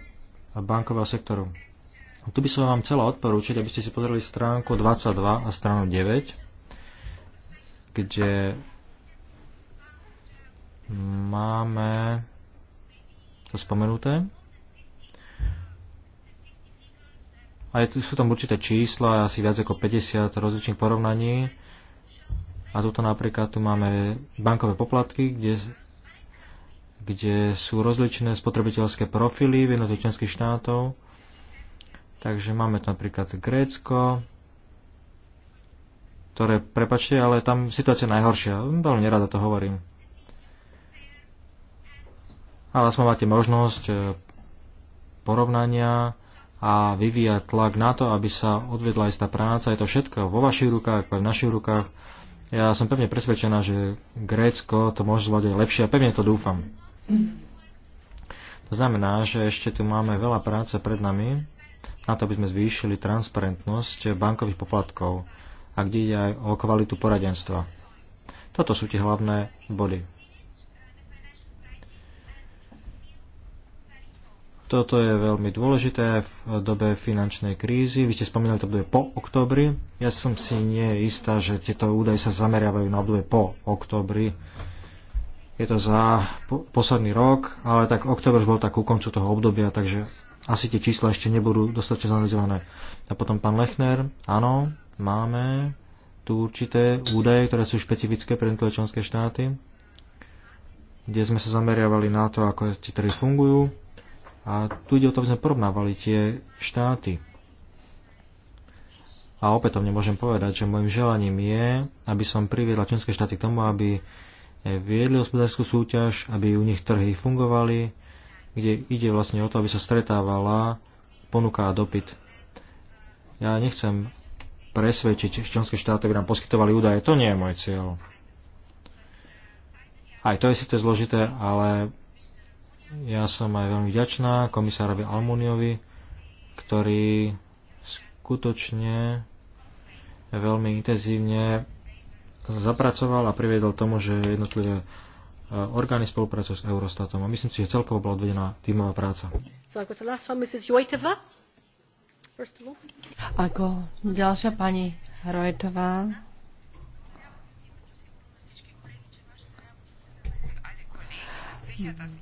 bankového sektoru. No, tu by som vám chcela odporúčiť, aby ste si pozreli stránku 22 a stranu 9, kde máme to spomenuté. A je, sú tam určité čísla, asi viac ako 50 rozličných porovnaní. A tuto napríklad tu máme bankové poplatky, kde, kde sú rozličné spotrebiteľské profily v jednotlivých členských štátov. Takže máme tu napríklad Grécko, ktoré, prepačte, ale tam situácia najhoršia. Veľmi nerada to hovorím. Ale aspoň máte možnosť e, porovnania a vyvíjať tlak na to, aby sa odvedla istá práca. Je to všetko vo vašich rukách, aj v našich rukách. Ja som pevne presvedčená, že Grécko to môže zvládať lepšie a pevne to dúfam. To znamená, že ešte tu máme veľa práce pred nami na to, aby sme zvýšili transparentnosť bankových poplatkov a kde ide aj o kvalitu poradenstva. Toto sú tie hlavné body. Toto je veľmi dôležité v dobe finančnej krízy. Vy ste spomínali to obdobie po oktobri. Ja som si nie istá, že tieto údaje sa zameriavajú na obdobie po oktobri. Je to za posledný rok, ale tak oktober bol tak ku koncu toho obdobia, takže asi tie čísla ešte nebudú dostatočne zanalizované. A potom pán Lechner, áno, máme tu určité údaje, ktoré sú špecifické pre jednotlivé členské štáty, kde sme sa zameriavali na to, ako tie trhy fungujú. A tu ide o to, aby sme porovnávali tie štáty. A opätovne môžem povedať, že môjim želaním je, aby som priviedla členské štáty k tomu, aby viedli hospodárskú súťaž, aby u nich trhy fungovali, kde ide vlastne o to, aby sa stretávala ponuka a dopyt. Ja nechcem presvedčiť členské štáty, aby nám poskytovali údaje. To nie je môj cieľ. Aj to je síce zložité, ale ja som aj veľmi vďačná komisárovi Almuniovi, ktorý skutočne veľmi intenzívne zapracoval a priviedol tomu, že jednotlivé Eh, orgány spolupráce s Eurostatom a myslím si, že celkovo bola odvedená tímová práca. So Ako ďalšia pani Rojtová.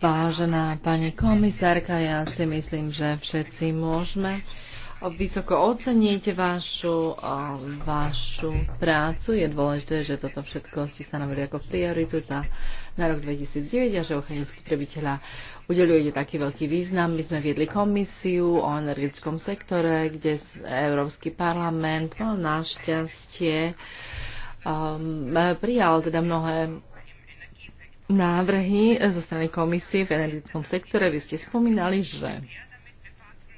Vážená pani komisárka, ja si myslím, že všetci môžeme vysoko oceniť vašu, vašu prácu. Je dôležité, že toto všetko ste stanovili ako prioritu za na rok 2009 a že ochrane spotrebiteľa udelujete taký veľký význam. My sme viedli komisiu o energetickom sektore, kde Európsky parlament mal no, našťastie um, prijal teda mnohé návrhy zo strany komisie v energetickom sektore. Vy ste spomínali, že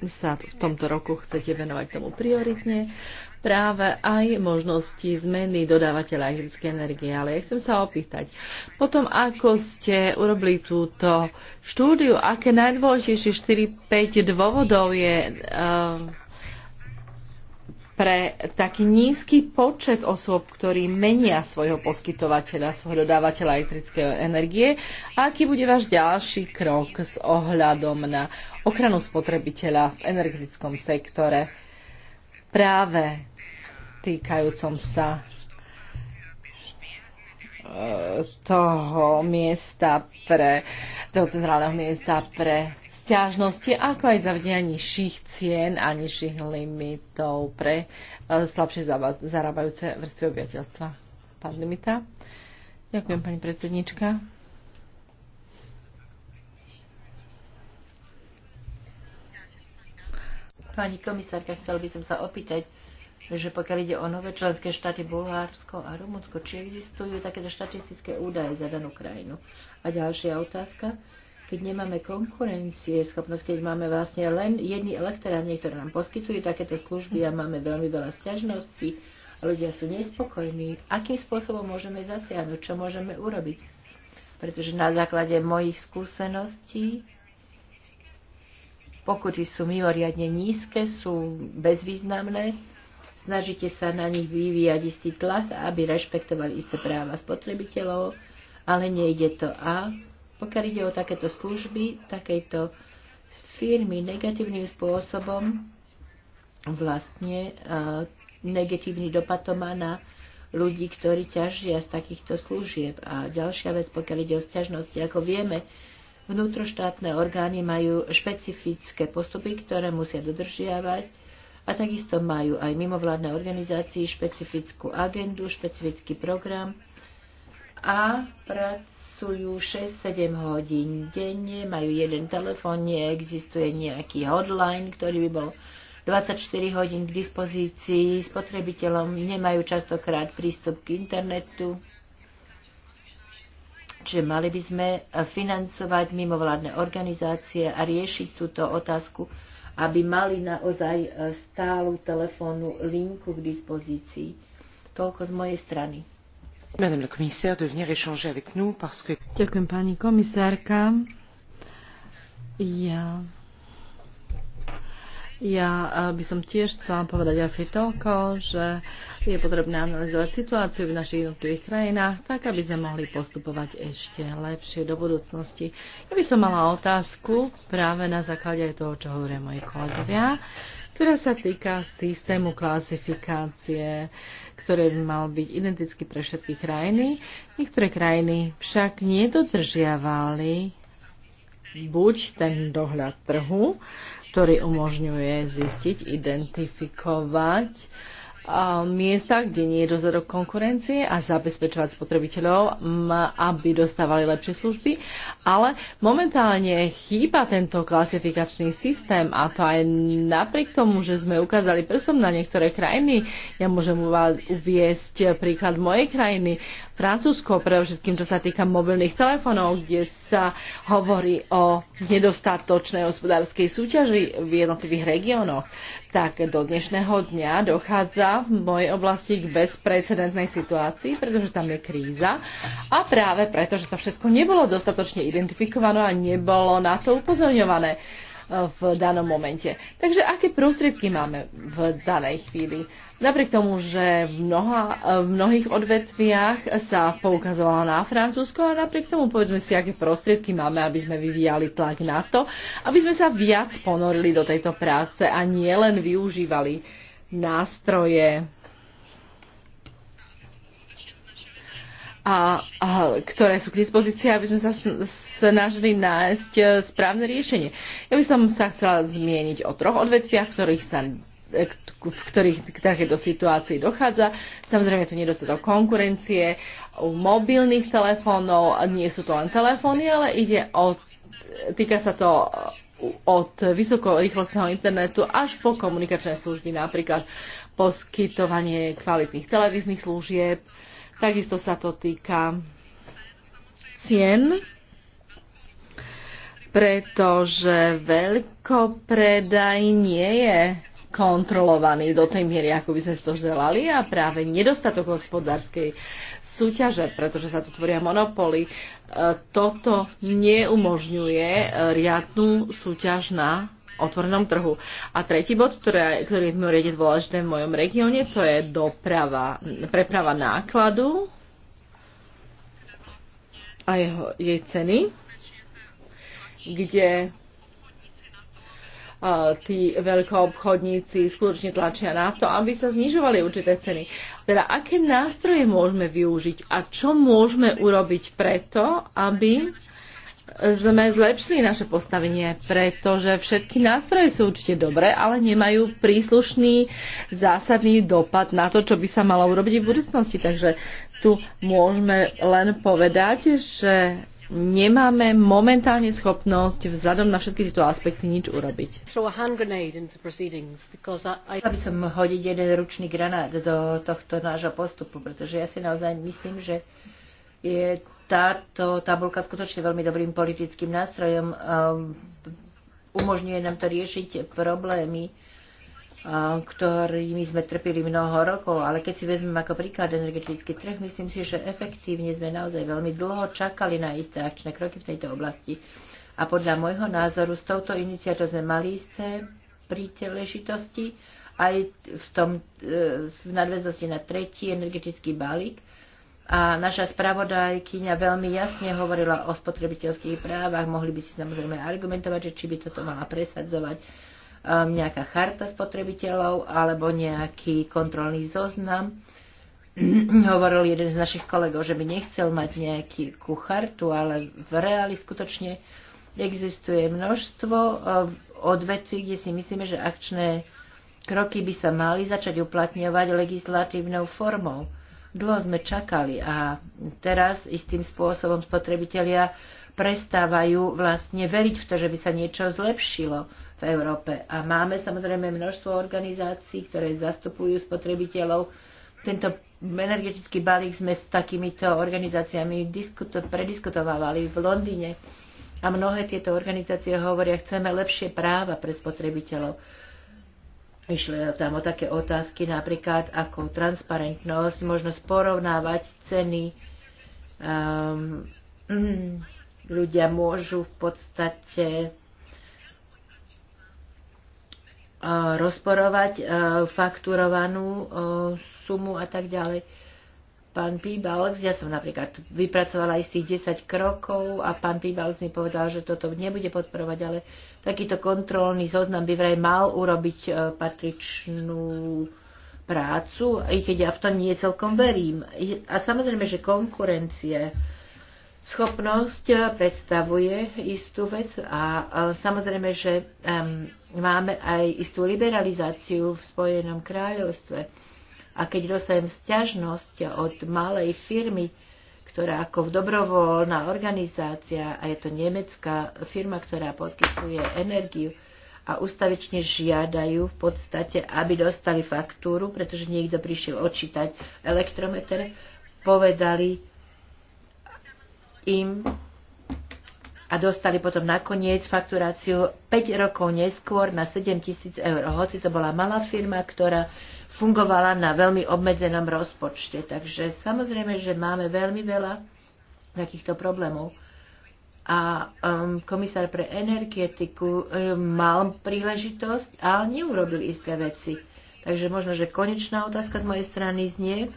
sa v tomto roku chcete venovať tomu prioritne, práve aj možnosti zmeny dodávateľa elektrické energie. Ale ja chcem sa opýtať, potom ako ste urobili túto štúdiu, aké najdôležitejšie 4-5 dôvodov je uh, pre taký nízky počet osôb, ktorí menia svojho poskytovateľa, svojho dodávateľa elektrickej energie a aký bude váš ďalší krok s ohľadom na ochranu spotrebiteľa v energetickom sektore práve týkajúcom sa e, toho miesta pre, toho centrálneho miesta pre stiažnosti, ako aj zavedenia nižších cien a nižších limitov pre e, slabšie zarábajúce vrstvy obyvateľstva. Pán Limita. Ďakujem, pani predsednička. Pani komisárka, chcel by som sa opýtať, že pokiaľ ide o nové členské štáty Bulharsko a Rumunsko, či existujú takéto štatistické údaje za danú krajinu? A ďalšia otázka, keď nemáme konkurencie, schopnosť, keď máme vlastne len jedny elektrárne, ktoré nám poskytujú takéto služby a máme veľmi veľa sťažností, ľudia sú nespokojní, akým spôsobom môžeme zasiahnuť, čo môžeme urobiť. Pretože na základe mojich skúseností pokuty sú mimoriadne nízke, sú bezvýznamné, snažíte sa na nich vyvíjať istý tlak, aby rešpektovali isté práva spotrebiteľov, ale nejde to a pokiaľ ide o takéto služby, takejto firmy negatívnym spôsobom vlastne e, negatívny dopad to má na ľudí, ktorí ťažia z takýchto služieb. A ďalšia vec, pokiaľ ide o sťažnosti, ako vieme, vnútroštátne orgány majú špecifické postupy, ktoré musia dodržiavať a takisto majú aj mimovládne organizácie špecifickú agendu, špecifický program a prac pracujú 6-7 hodín denne, majú jeden telefón, neexistuje nejaký hotline, ktorý by bol 24 hodín k dispozícii spotrebiteľom, nemajú častokrát prístup k internetu. Čiže mali by sme financovať mimovládne organizácie a riešiť túto otázku, aby mali naozaj eh, stálu telefónu linku k dispozícii. Toľko z mojej strany. Ďakujem pani komisárka. Ja, ja by som tiež chcela povedať asi toľko, že je potrebné analyzovať situáciu v našich jednotlivých krajinách, tak aby sme mohli postupovať ešte lepšie do budúcnosti. Ja by som mala otázku práve na základe aj toho, čo hovoria moji kolegovia ktorá sa týka systému klasifikácie, ktoré by mal byť identicky pre všetky krajiny. Niektoré krajiny však nedodržiavali buď ten dohľad trhu, ktorý umožňuje zistiť, identifikovať miesta, kde nie je dozorok konkurencie a zabezpečovať spotrebiteľov, aby dostávali lepšie služby. Ale momentálne chýba tento klasifikačný systém a to aj napriek tomu, že sme ukázali prstom na niektoré krajiny. Ja môžem uviesť príklad mojej krajiny, Francúzsko, predovšetkým čo sa týka mobilných telefónov, kde sa hovorí o nedostatočnej hospodárskej súťaži v jednotlivých regiónoch. Tak do dnešného dňa dochádza v mojej oblasti k bezprecedentnej situácii, pretože tam je kríza a práve preto, že to všetko nebolo dostatočne identifikované a nebolo na to upozorňované e, v danom momente. Takže aké prostriedky máme v danej chvíli? Napriek tomu, že v, mnoha, e, v mnohých odvetviach sa poukazovala na Francúzsko a napriek tomu povedzme si, aké prostriedky máme, aby sme vyvíjali tlak na to, aby sme sa viac ponorili do tejto práce a nielen využívali nástroje, a, a, ktoré sú k dispozícii, aby sme sa snažili nájsť e, správne riešenie. Ja by som sa chcela zmieniť o troch odvetviach, ktorých sa e, v ktorých k takéto situácii dochádza. Samozrejme, je to nedostatok konkurencie u mobilných telefónov. Nie sú to len telefóny, ale ide o, týka sa to od vysokorýchlostného internetu až po komunikačné služby, napríklad poskytovanie kvalitných televíznych služieb. Takisto sa to týka cien, pretože veľkopredaj nie je kontrolovaný do tej miery, ako by sme si to želali a práve nedostatok hospodárskej súťaže, pretože sa tu tvoria monopoly, e, toto neumožňuje e, riadnu súťaž na otvorenom trhu. A tretí bod, ktorý, ktorý je v mimoriadne dôležité v mojom regióne, to je doprava, preprava nákladu a jeho, jej ceny, kde tí veľkoobchodníci skutočne tlačia na to, aby sa znižovali určité ceny. Teda aké nástroje môžeme využiť a čo môžeme urobiť preto, aby sme zlepšili naše postavenie, pretože všetky nástroje sú určite dobré, ale nemajú príslušný zásadný dopad na to, čo by sa malo urobiť v budúcnosti. Takže tu môžeme len povedať, že nemáme momentálne schopnosť vzhľadom na všetky tieto aspekty nič urobiť. Chcela by som hodiť jeden ručný granát do tohto nášho postupu, pretože ja si naozaj myslím, že je táto tabulka skutočne veľmi dobrým politickým nástrojom. a umožňuje nám to riešiť problémy, ktorými sme trpili mnoho rokov. Ale keď si vezmem ako príklad energetický trh, myslím si, že efektívne sme naozaj veľmi dlho čakali na isté akčné kroky v tejto oblasti. A podľa môjho názoru s touto iniciatou sme mali isté príteležitosti aj v, tom, e, v nadväznosti na tretí energetický balík. A naša spravodajkyňa veľmi jasne hovorila o spotrebiteľských právach. Mohli by si samozrejme argumentovať, že či by toto mala presadzovať Ehm, nejaká charta spotrebiteľov alebo nejaký kontrolný zoznam. Hovoril jeden z našich kolegov, že by nechcel mať nejakú chartu, ale v reáli skutočne existuje množstvo ehm, odvetví, kde si myslíme, že akčné kroky by sa mali začať uplatňovať legislatívnou formou. Dlho sme čakali a teraz istým spôsobom spotrebitelia prestávajú vlastne veriť v to, že by sa niečo zlepšilo v Európe. A máme samozrejme množstvo organizácií, ktoré zastupujú spotrebiteľov. Tento energetický balík sme s takýmito organizáciami prediskutovávali v Londýne. A mnohé tieto organizácie hovoria, chceme lepšie práva pre spotrebiteľov. Išli tam o také otázky napríklad ako transparentnosť, možnosť porovnávať ceny. Um, ľudia môžu v podstate rozporovať e, fakturovanú e, sumu a tak ďalej. Pán Píbalx, ja som napríklad vypracovala istých 10 krokov a pán pýbalx mi povedal, že toto nebude podporovať, ale takýto kontrolný zoznam by vraj mal urobiť e, patričnú prácu, i keď ja v tom nie celkom verím. A samozrejme, že konkurencie schopnosť eh, predstavuje istú vec a eh, samozrejme, že máme aj istú liberalizáciu v Spojenom kráľovstve. A keď dostajem sťažnosť od malej firmy, ktorá ako dobrovoľná organizácia, a je to nemecká firma, ktorá poskytuje energiu, a ustavične žiadajú v podstate, aby dostali faktúru, pretože niekto prišiel odčítať elektrometer, povedali, im a dostali potom nakoniec fakturáciu 5 rokov neskôr na 7 tisíc eur. Hoci to bola malá firma, ktorá fungovala na veľmi obmedzenom rozpočte. Takže samozrejme, že máme veľmi veľa takýchto problémov. A um, komisár pre energetiku um, mal príležitosť a neurobil isté veci. Takže možno, že konečná otázka z mojej strany znie,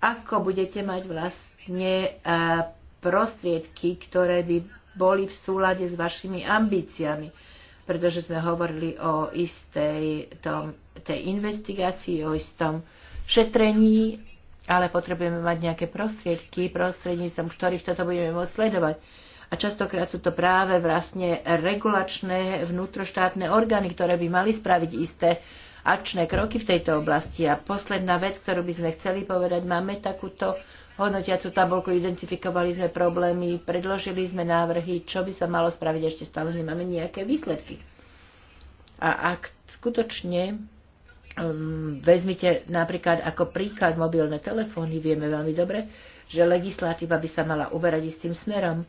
ako budete mať vlast E, prostriedky, ktoré by boli v súlade s vašimi ambíciami, pretože sme hovorili o istej tom, tej investigácii, o istom šetrení, ale potrebujeme mať nejaké prostriedky, prostredníctvom ktorých toto budeme môcť sledovať. A častokrát sú to práve vlastne regulačné vnútroštátne orgány, ktoré by mali spraviť isté akčné kroky v tejto oblasti. A posledná vec, ktorú by sme chceli povedať, máme takúto hodnotiacu tabulku, identifikovali sme problémy, predložili sme návrhy, čo by sa malo spraviť, ešte stále nemáme nejaké výsledky. A ak skutočne um, vezmite napríklad ako príklad mobilné telefóny, vieme veľmi dobre, že legislatíva by sa mala uberať istým smerom.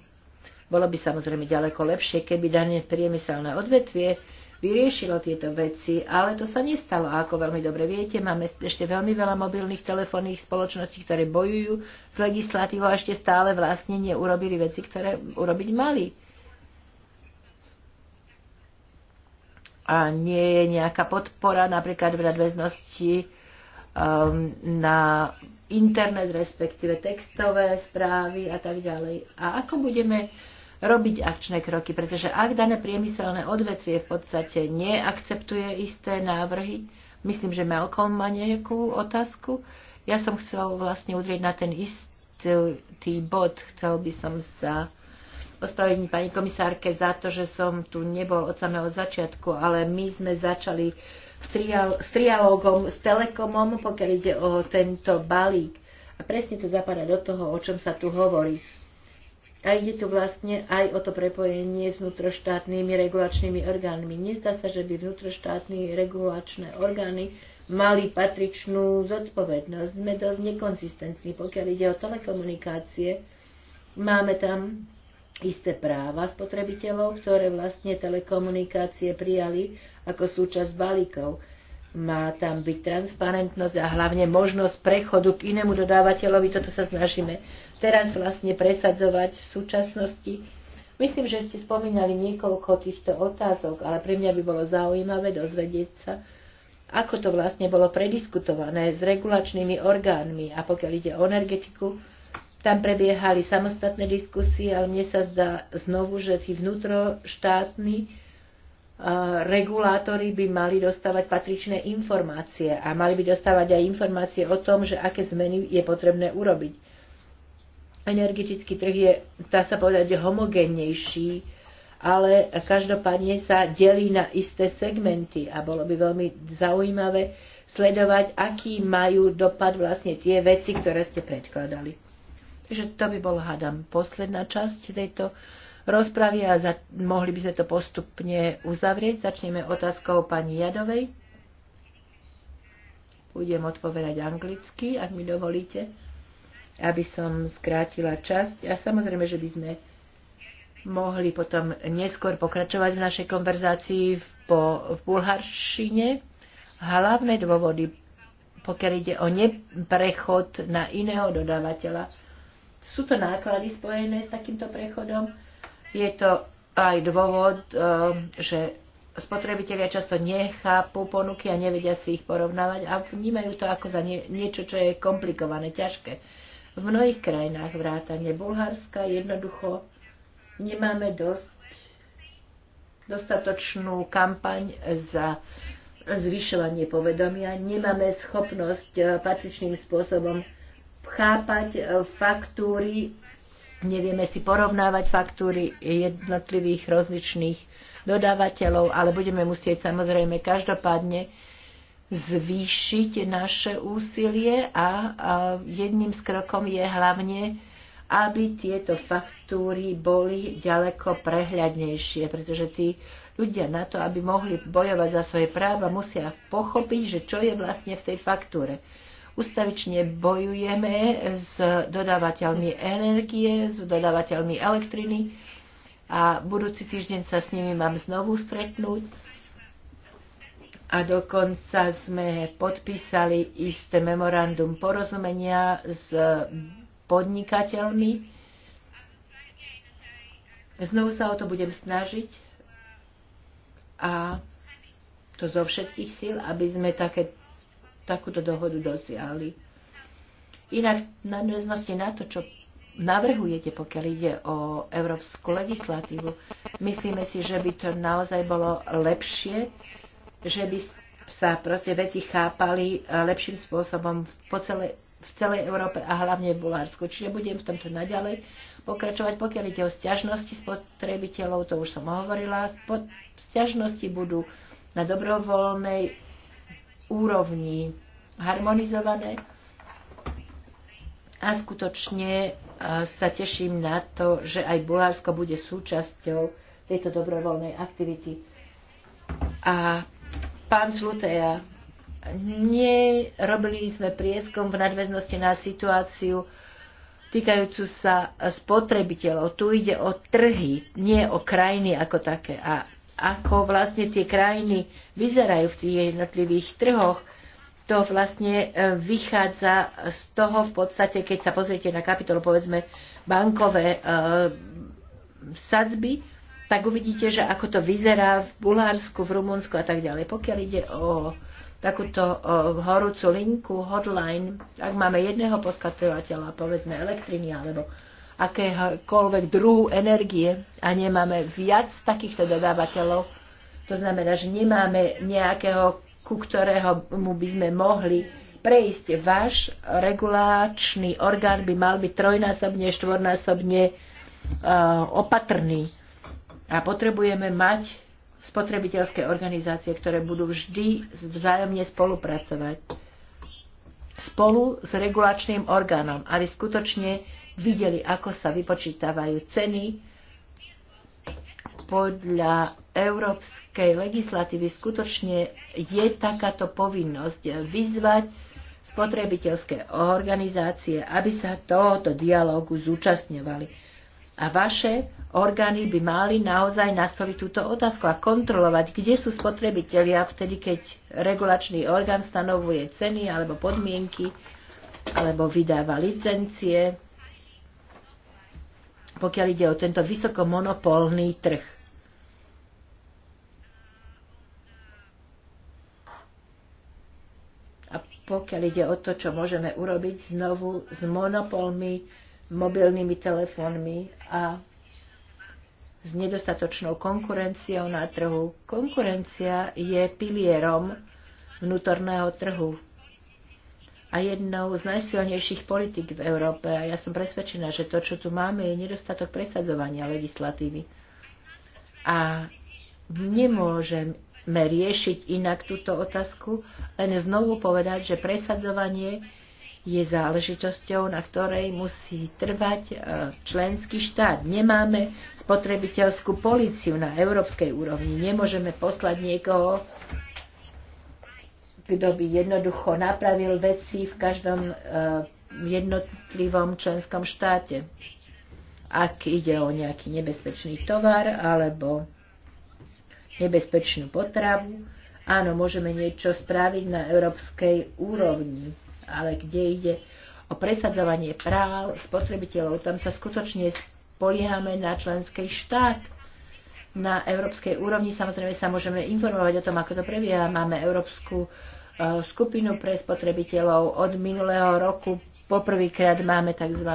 Bolo by samozrejme ďaleko lepšie, keby dané priemyselné odvetvie vyriešilo tieto veci, ale to sa nestalo. A ako veľmi dobre viete, máme ešte veľmi veľa mobilných telefónnych spoločností, ktoré bojujú s legislatívou a ešte stále vlastne neurobili veci, ktoré urobiť mali. A nie je nejaká podpora napríklad v radveznosti um, na internet, respektíve textové správy a tak ďalej. A ako budeme robiť akčné kroky, pretože ak dané priemyselné odvetvie v podstate neakceptuje isté návrhy, myslím, že Malcolm má nejakú otázku, ja som chcel vlastne udrieť na ten istý bod, chcel by som sa ospravedlniť pani komisárke za to, že som tu nebol od samého začiatku, ale my sme začali s trialógom s Telekomom, pokiaľ ide o tento balík. A presne to zapadá do toho, o čom sa tu hovorí. A ide tu vlastne aj o to prepojenie s vnútroštátnymi regulačnými orgánmi. Nezdá sa, že by vnútroštátne regulačné orgány mali patričnú zodpovednosť. Sme dosť nekonzistentní, pokiaľ ide o telekomunikácie. Máme tam isté práva spotrebiteľov, ktoré vlastne telekomunikácie prijali ako súčasť balíkov. Má tam byť transparentnosť a hlavne možnosť prechodu k inému dodávateľovi. Toto sa snažíme teraz vlastne presadzovať v súčasnosti. Myslím, že ste spomínali niekoľko týchto otázok, ale pre mňa by bolo zaujímavé dozvedieť sa, ako to vlastne bolo prediskutované s regulačnými orgánmi. A pokiaľ ide o energetiku, tam prebiehali samostatné diskusie, ale mne sa zdá znovu, že tí vnútroštátni regulátori by mali dostávať patričné informácie a mali by dostávať aj informácie o tom, že aké zmeny je potrebné urobiť. Energetický trh je, dá sa povedať, homogénnejší, ale každopádne sa delí na isté segmenty a bolo by veľmi zaujímavé sledovať, aký majú dopad vlastne tie veci, ktoré ste predkladali. Takže to by bola, hádam, posledná časť tejto rozpravy a za, mohli by sme to postupne uzavrieť. Začneme otázkou pani Jadovej. Budem odpovedať anglicky, ak mi dovolíte, aby som skrátila časť. A samozrejme, že by sme mohli potom neskôr pokračovať v našej konverzácii v, po, v bulharšine. Hlavné dôvody, pokiaľ ide o neprechod na iného dodávateľa, sú to náklady spojené s takýmto prechodom je to aj dôvod, eh, že spotrebitelia často nechápu ponuky a nevedia si ich porovnávať a vnímajú to ako za nie, niečo, čo je komplikované, ťažké. V mnohých krajinách vrátane Bulharska jednoducho nemáme dosť dostatočnú kampaň za zvyšovanie povedomia, nemáme schopnosť eh, patričným spôsobom chápať eh, faktúry nevieme si porovnávať faktúry jednotlivých rozličných dodávateľov, ale budeme musieť samozrejme každopádne zvýšiť naše úsilie a, jedným z krokom je hlavne, aby tieto faktúry boli ďaleko prehľadnejšie, pretože tí ľudia na to, aby mohli bojovať za svoje práva, musia pochopiť, že čo je vlastne v tej faktúre. Ustavične bojujeme s dodávateľmi energie, s dodávateľmi elektriny a budúci týždeň sa s nimi mám znovu stretnúť. A dokonca sme podpísali isté memorandum porozumenia s podnikateľmi. Znovu sa o to budem snažiť a to zo všetkých síl, aby sme také takúto dohodu dosiahli. Inak nadväznosti na to, čo navrhujete, pokiaľ ide o európsku legislatívu, myslíme si, že by to naozaj bolo lepšie, že by sa proste veci chápali e, lepším spôsobom po celej, v celej Európe a hlavne v Bulharsku. Čiže budem v tomto naďalej pokračovať. Pokiaľ ide o stiažnosti spotrebiteľov, to už som hovorila, Sťažnosti stiažnosti budú na dobrovoľnej úrovní harmonizované a skutočne e, sa teším na to, že aj Bulharsko bude súčasťou tejto dobrovoľnej aktivity. A pán Sluteja, nerobili sme prieskom v nadväznosti na situáciu týkajúcu sa spotrebiteľov. Tu ide o trhy, nie o krajiny ako také. A ako vlastne tie krajiny vyzerajú v tých jednotlivých trhoch, to vlastne e, vychádza z toho v podstate, keď sa pozriete na kapitolu, povedzme, bankové e, sadzby, tak uvidíte, že ako to vyzerá v Bulharsku, v Rumunsku a tak ďalej. Pokiaľ ide o takúto o e, horúcu linku, hotline, ak máme jedného poskatovateľa, povedzme elektriny alebo akéhokoľvek druhu energie a nemáme viac takýchto dodávateľov. To znamená, že nemáme nejakého, ku ktorého mu by sme mohli prejsť. Váš regulačný orgán by mal byť trojnásobne, štvornásobne e, opatrný. A potrebujeme mať spotrebiteľské organizácie, ktoré budú vždy vzájomne spolupracovať spolu s regulačným orgánom, aby skutočne videli, ako sa vypočítavajú ceny. Podľa európskej legislatívy skutočne je takáto povinnosť vyzvať spotrebiteľské organizácie, aby sa tohoto dialógu zúčastňovali. A vaše orgány by mali naozaj nastoliť túto otázku a kontrolovať, kde sú spotrebitelia vtedy, keď regulačný orgán stanovuje ceny alebo podmienky, alebo vydáva licencie pokiaľ ide o tento vysokomonopolný trh. A pokiaľ ide o to, čo môžeme urobiť znovu s monopolmi, mobilnými telefónmi a s nedostatočnou konkurenciou na trhu. Konkurencia je pilierom vnútorného trhu a jednou z najsilnejších politik v Európe. A ja som presvedčená, že to, čo tu máme, je nedostatok presadzovania legislatívy. A nemôžeme riešiť inak túto otázku, len znovu povedať, že presadzovanie je záležitosťou, na ktorej musí trvať e, členský štát. Nemáme spotrebiteľskú políciu na európskej úrovni. Nemôžeme poslať niekoho kto by jednoducho napravil veci v každom eh, jednotlivom členskom štáte. Ak ide o nejaký nebezpečný tovar alebo nebezpečnú potravu, áno, môžeme niečo spraviť na európskej úrovni, ale kde ide o presadzovanie práv spotrebiteľov, tam sa skutočne spoliehame na členský štát. Na európskej úrovni samozrejme sa môžeme informovať o tom, ako to prebieha. Máme Európsku E, skupinu pre spotrebiteľov. Od minulého roku poprvýkrát máme tzv.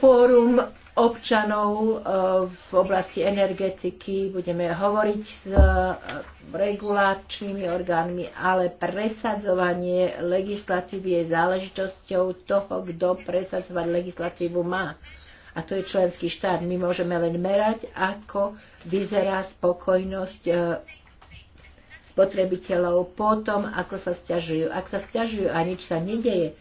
fórum občanov e, v oblasti energetiky. Budeme hovoriť s e, regulačnými orgánmi, ale presadzovanie legislatívy je záležitosťou toho, kto presadzovať legislatívu má. A to je členský štát. My môžeme len merať, ako vyzerá spokojnosť spotrebiteľov po tom, ako sa stiažujú. Ak sa stiažujú a nič sa nedeje,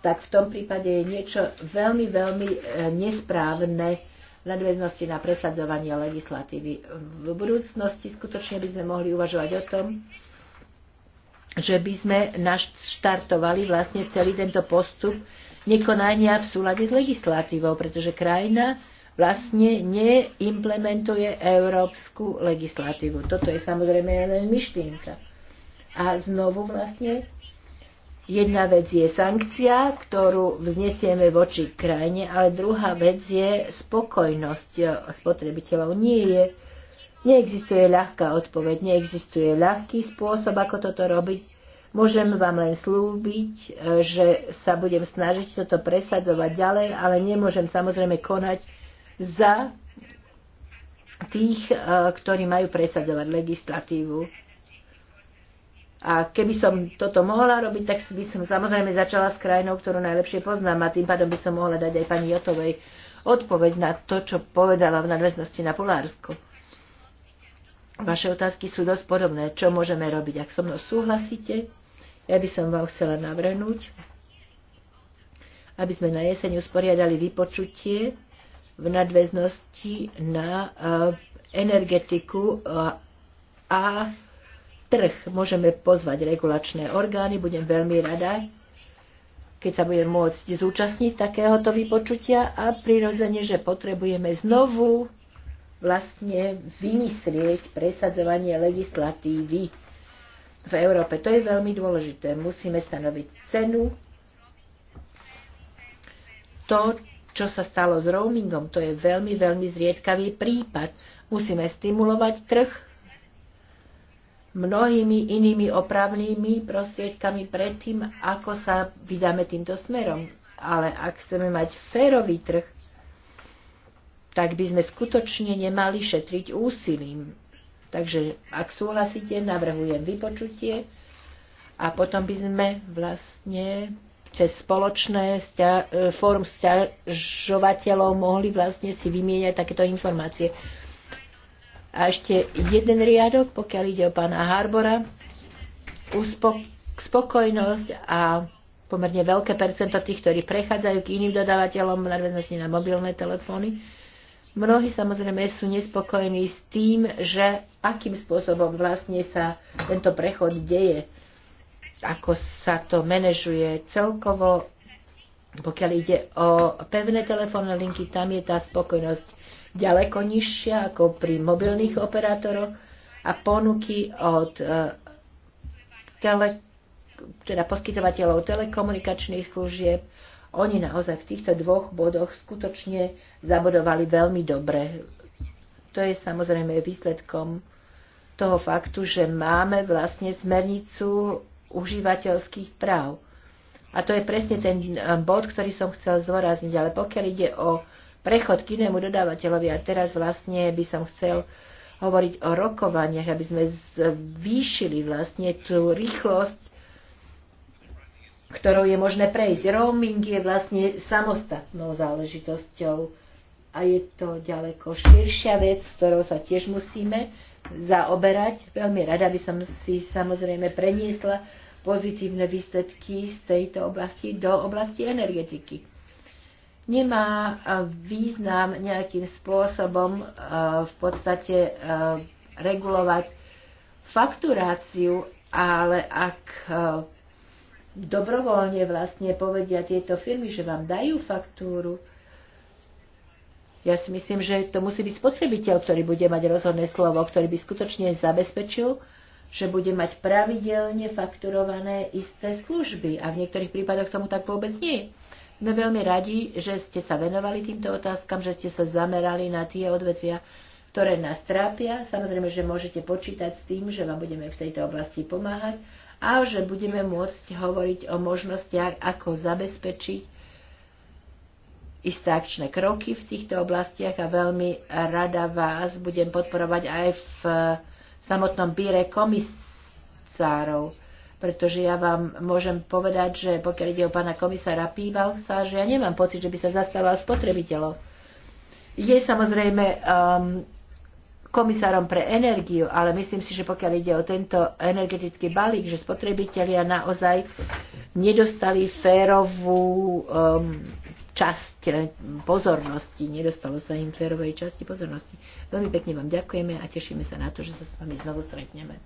tak v tom prípade je niečo veľmi, veľmi e, nesprávne v nadväznosti na presadzovanie legislatívy. V budúcnosti skutočne by sme mohli uvažovať o tom, že by sme naštartovali vlastne celý tento postup nekonania v súlade s legislatívou, pretože krajina vlastne neimplementuje európsku legislatívu. Toto je samozrejme len myšlienka. A znovu vlastne jedna vec je sankcia, ktorú vznesieme voči krajine, ale druhá vec je spokojnosť e, spotrebiteľov. Nie je Neexistuje ľahká odpoveď, neexistuje ľahký spôsob, ako toto robiť. Môžem vám len slúbiť, e, že sa budem snažiť toto presadzovať ďalej, ale nemôžem samozrejme konať za tých, eh, ktorí majú presadzovať legislatívu. A keby som toto mohla robiť, tak by som samozrejme začala s krajinou, ktorú najlepšie poznám a tým pádom by som mohla dať aj pani Jotovej odpoveď na to, čo povedala v nadväznosti na Polársko. Vaše otázky sú dosť podobné. Čo môžeme robiť? Ak so mnou súhlasíte, ja by som vám chcela navrhnúť, aby sme na jeseň usporiadali vypočutie v nadväznosti na eh, energetiku eh, a trh. Môžeme pozvať regulačné orgány, budem veľmi rada, keď sa budem môcť zúčastniť takéhoto vypočutia a prirodzene, že potrebujeme znovu vlastne vymyslieť presadzovanie legislatívy v Európe. To je veľmi dôležité. Musíme stanoviť cenu, to, čo sa stalo s roamingom. To je veľmi, veľmi zriedkavý prípad. Musíme stimulovať trh mnohými inými opravnými prostriedkami predtým, ako sa vydáme týmto smerom. Ale ak chceme mať férový trh, tak by sme skutočne nemali šetriť úsilím. Takže ak súhlasíte, navrhujem vypočutie a potom by sme vlastne cez spoločné stia- e, fórum sťažovateľov mohli vlastne si vymieňať takéto informácie. A ešte jeden riadok, pokiaľ ide o pána Harbora. Uspok- spokojnosť a pomerne veľké percento tých, ktorí prechádzajú k iným dodávateľom, nadväznosti na mobilné telefóny. Mnohí samozrejme sú nespokojení s tým, že akým spôsobom vlastne sa tento prechod deje ako sa to manažuje celkovo. Pokiaľ ide o pevné telefónne linky, tam je tá spokojnosť ďaleko nižšia ako pri mobilných operátoroch a ponuky od e, tele, teda poskytovateľov telekomunikačných služieb, oni naozaj v týchto dvoch bodoch skutočne zabodovali veľmi dobre. To je samozrejme výsledkom toho faktu, že máme vlastne smernicu užívateľských práv. A to je presne ten eh, bod, ktorý som chcel zdôrazniť. Ale pokiaľ ide o prechod k inému dodávateľovi, a teraz vlastne by som chcel hovoriť o rokovaniach, aby sme zvýšili vlastne tú rýchlosť, ktorou je možné prejsť. Roaming je vlastne samostatnou záležitosťou a je to ďaleko širšia vec, s ktorou sa tiež musíme zaoberať. Veľmi rada by som si samozrejme preniesla pozitívne výsledky z tejto oblasti do oblasti energetiky. Nemá e, význam nejakým spôsobom e, v podstate e, regulovať fakturáciu, ale ak dobrovoľne vlastne povedia tieto firmy, že vám dajú faktúru, ja si myslím, že to musí byť spotrebiteľ, ktorý bude mať rozhodné slovo, ktorý by skutočne zabezpečil, že bude mať pravidelne fakturované isté služby. A v niektorých prípadoch tomu tak vôbec nie. Sme veľmi radi, že ste sa venovali týmto otázkam, že ste sa zamerali na tie odvetvia, ktoré nás trápia. Samozrejme, že môžete počítať s tým, že vám budeme v tejto oblasti pomáhať a že budeme môcť hovoriť o možnostiach, ako zabezpečiť isté akčné kroky v týchto oblastiach a veľmi rada vás budem podporovať aj v samotnom bíre komisárov, pretože ja vám môžem povedať, že pokiaľ ide o pána komisára Pývalsa, že ja nemám pocit, že by sa zastával spotrebiteľov. Je samozrejme um, komisárom pre energiu, ale myslím si, že pokiaľ ide o tento energetický balík, že spotrebitelia naozaj nedostali férovú um, časť e, pozornosti, nedostalo sa im férovej časti pozornosti. Veľmi pekne vám ďakujeme a tešíme sa na to, že sa s vami znovu stretneme.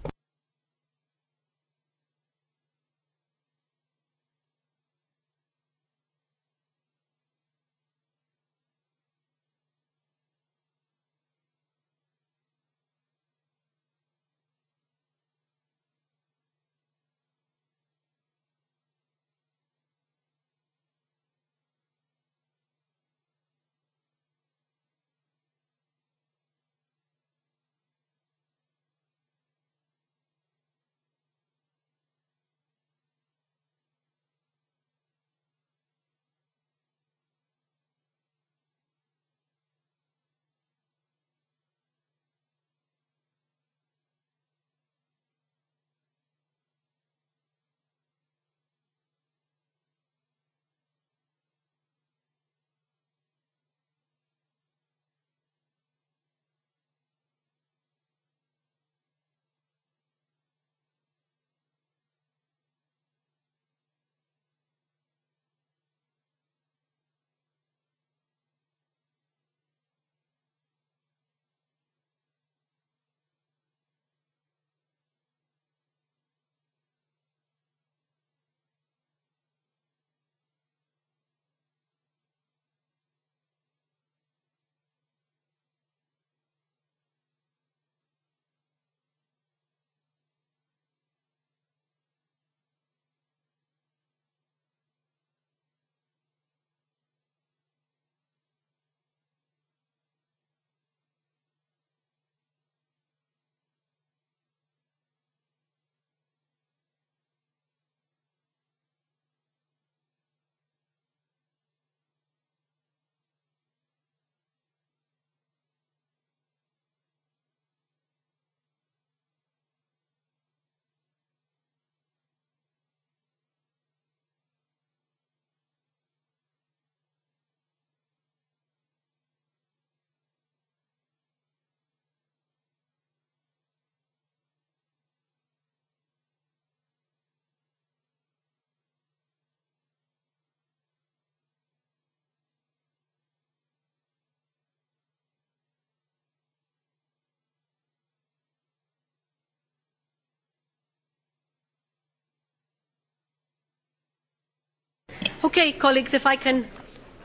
Okay, colleagues, if I can,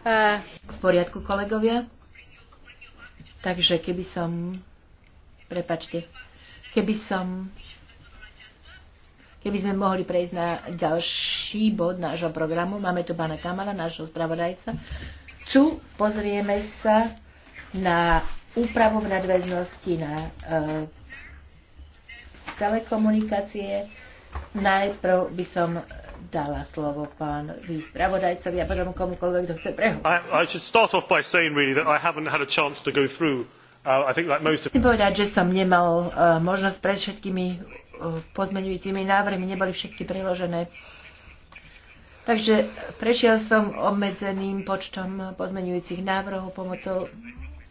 uh... V poriadku, kolegovia. Takže keby som... Prepačte. Keby som... Keby sme mohli prejsť na ďalší bod nášho programu. Máme tu pána Kamala, nášho spravodajca. Tu pozrieme sa na úpravu v nadväznosti na uh, telekomunikácie. Najprv by som dala slovo pán výspravodajcovi a potom komukoľvek, kto chce prehovoriť. Uh, Chcem povedať, že som nemal uh, možnosť pred všetkými uh, pozmeňujúcimi návrhmi, neboli všetky priložené. Takže prešiel som obmedzeným počtom pozmeňujúcich návrhov pomocou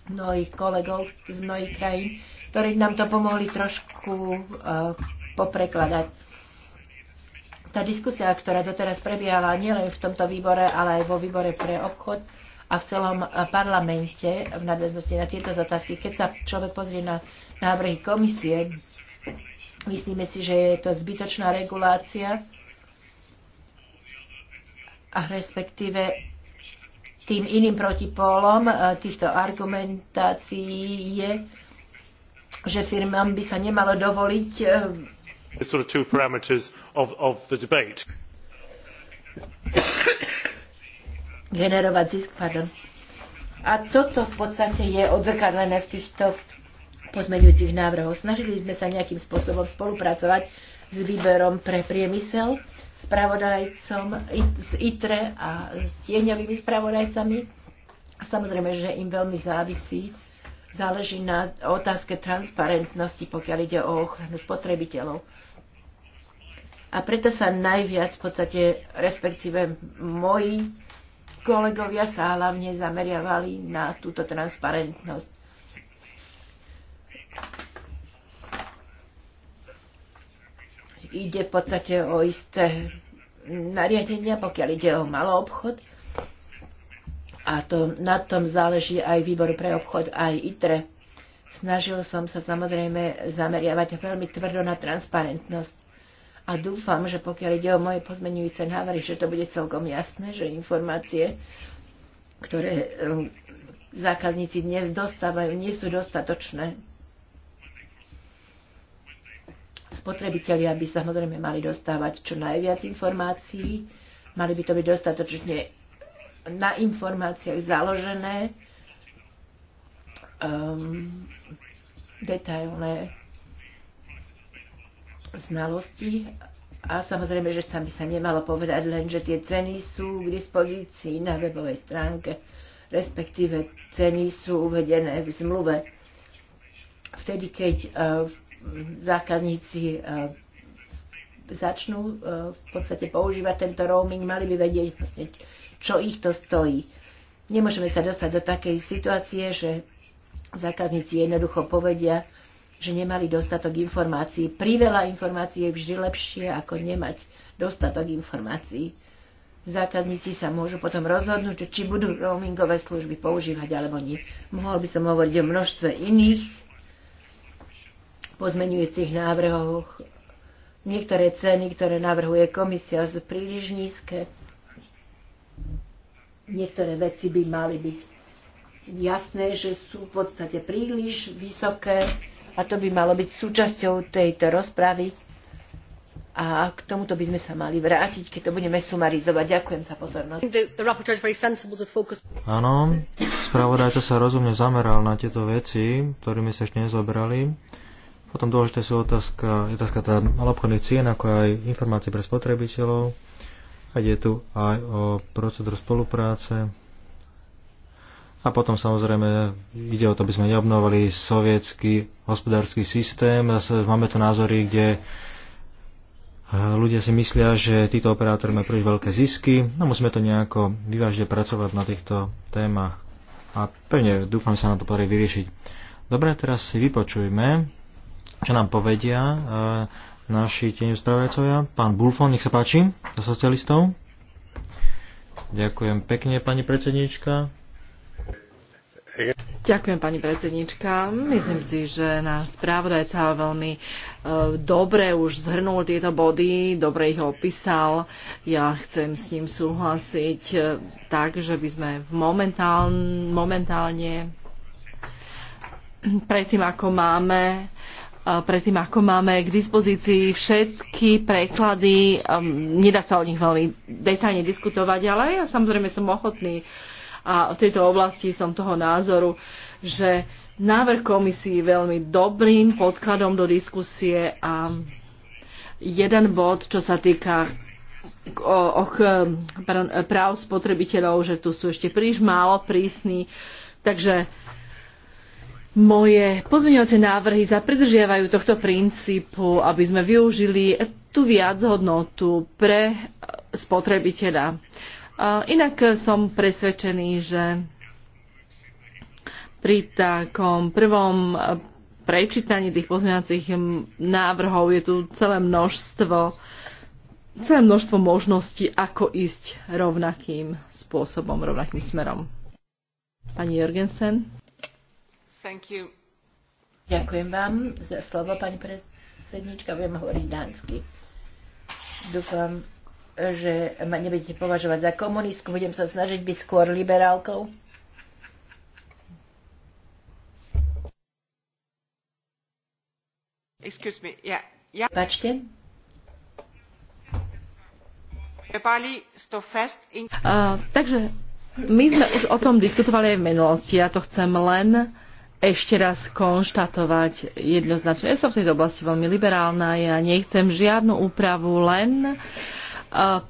mnohých kolegov z mnohých krajín, ktorí nám to pomohli trošku uh, poprekladať tá diskusia, ktorá doteraz prebiehala nielen v tomto výbore, ale aj vo výbore pre obchod a v celom parlamente v nadväznosti na tieto otázky, keď sa človek pozrie na návrhy komisie, myslíme si, že je to zbytočná regulácia a respektíve tým iným protipólom eh, týchto argumentácií je, že firmám by sa nemalo dovoliť eh, sort of two parameters of, the debate. Generovať zisk, pardon. A toto v podstate je odzrkadlené v týchto pozmeňujúcich návrhoch. Snažili sme sa nejakým spôsobom spolupracovať s výberom pre priemysel, spravodajcom z ITRE a s tieňovými spravodajcami. Samozrejme, že im veľmi závisí, záleží na otázke transparentnosti, pokiaľ ide o ochranu spotrebiteľov. A preto sa najviac v podstate, respektíve moji kolegovia sa hlavne zameriavali na túto transparentnosť. Ide v podstate o isté nariadenia, pokiaľ ide o malý obchod. A to, na tom záleží aj výbor pre obchod, aj ITRE. Snažil som sa samozrejme zameriavať veľmi tvrdo na transparentnosť a dúfam, že pokiaľ ide o moje pozmenujúce návrhy, že to bude celkom jasné, že informácie, ktoré um, zákazníci dnes dostávajú, nie sú dostatočné. Spotrebitelia by samozrejme mali dostávať čo najviac informácií, mali by to byť dostatočne na informáciách založené, um, detailné znalosti a samozrejme, že tam by sa nemalo povedať len, že tie ceny sú k dispozícii na webovej stránke, respektíve ceny sú uvedené v zmluve. Vtedy, keď uh, zákazníci uh, začnú uh, v podstate používať tento roaming, mali by vedieť vlastne, čo ich to stojí. Nemôžeme sa dostať do takej situácie, že zákazníci jednoducho povedia, že nemali dostatok informácií. Priveľa informácií je vždy lepšie, ako nemať dostatok informácií. Zákazníci sa môžu potom rozhodnúť, či budú roamingové služby používať alebo nie. Mohol by som hovoriť o množstve iných pozmenujúcich návrhoch. Niektoré ceny, ktoré navrhuje komisia, sú príliš nízke. Niektoré veci by mali byť jasné, že sú v podstate príliš vysoké a to by malo byť súčasťou tejto rozpravy a k tomuto by sme sa mali vrátiť, keď to budeme sumarizovať. Ďakujem za pozornosť. Áno, spravodajca sa rozumne zameral na tieto veci, ktorými sa ešte nezobrali. Potom dôležité sú otázka, otázka teda malobchodných cien, ako aj informácie pre spotrebiteľov. A je tu aj o procedúru spolupráce, a potom samozrejme ide o to, aby sme neobnovali sovietský hospodársky systém. Zase máme tu názory, kde eh, ľudia si myslia, že títo operátori majú príliš veľké zisky No musíme to nejako vyvážne pracovať na týchto témach. A pevne dúfam, sa na to podarí vyriešiť. Dobre, teraz si vypočujme, čo nám povedia eh, naši tieňu spravodajcovia. Pán Bulfon, nech sa páči, do socialistov. Ďakujem pekne, pani predsedníčka. Ďakujem, pani predsednička. Myslím si, že náš správodajca veľmi e, dobre už zhrnul tieto body, dobre ich opísal. Ja chcem s ním súhlasiť e, tak, že by sme momentálne predtým, ako máme e, predtým, ako máme k dispozícii všetky preklady. Nedá sa o nich veľmi detailne diskutovať, ale ja samozrejme som ochotný uh, a v tejto oblasti som toho názoru, že návrh komisii je veľmi dobrým podkladom do diskusie a jeden bod, čo sa týka o, pardon, práv spotrebiteľov, že tu sú ešte príliš málo prísni. Takže moje pozmeňovacie návrhy sa pridržiavajú tohto princípu, aby sme využili tú viac hodnotu pre spotrebiteľa. Inak eh, som presvedčený, že pri takom prvom eh, prečítaní tých pozmeňovacích hm, návrhov je tu celé množstvo celé množstvo možností, ako ísť rovnakým spôsobom, rovnakým smerom. Pani Jorgensen. Thank you. Ďakujem vám za slovo, pani predsednička. Viem hovoriť dánsky. Dúfam, že ma nebudete považovať za komunistku, budem sa snažiť byť skôr liberálkou. Excuse me, Pačte. Uh, takže my sme už o tom diskutovali aj v minulosti. Ja to chcem len ešte raz konštatovať jednoznačne. Ja som v tejto oblasti veľmi liberálna, ja nechcem žiadnu úpravu, len uh,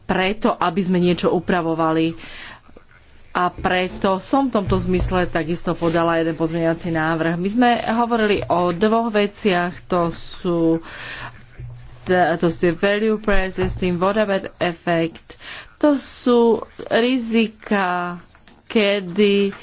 preto, aby sme niečo upravovali. A preto som v tomto zmysle takisto podala jeden pozmeňovací návrh. My sme hovorili o dvoch veciach, to sú to sú value prices, tým whatever effect. To sú rizika, kedy uh,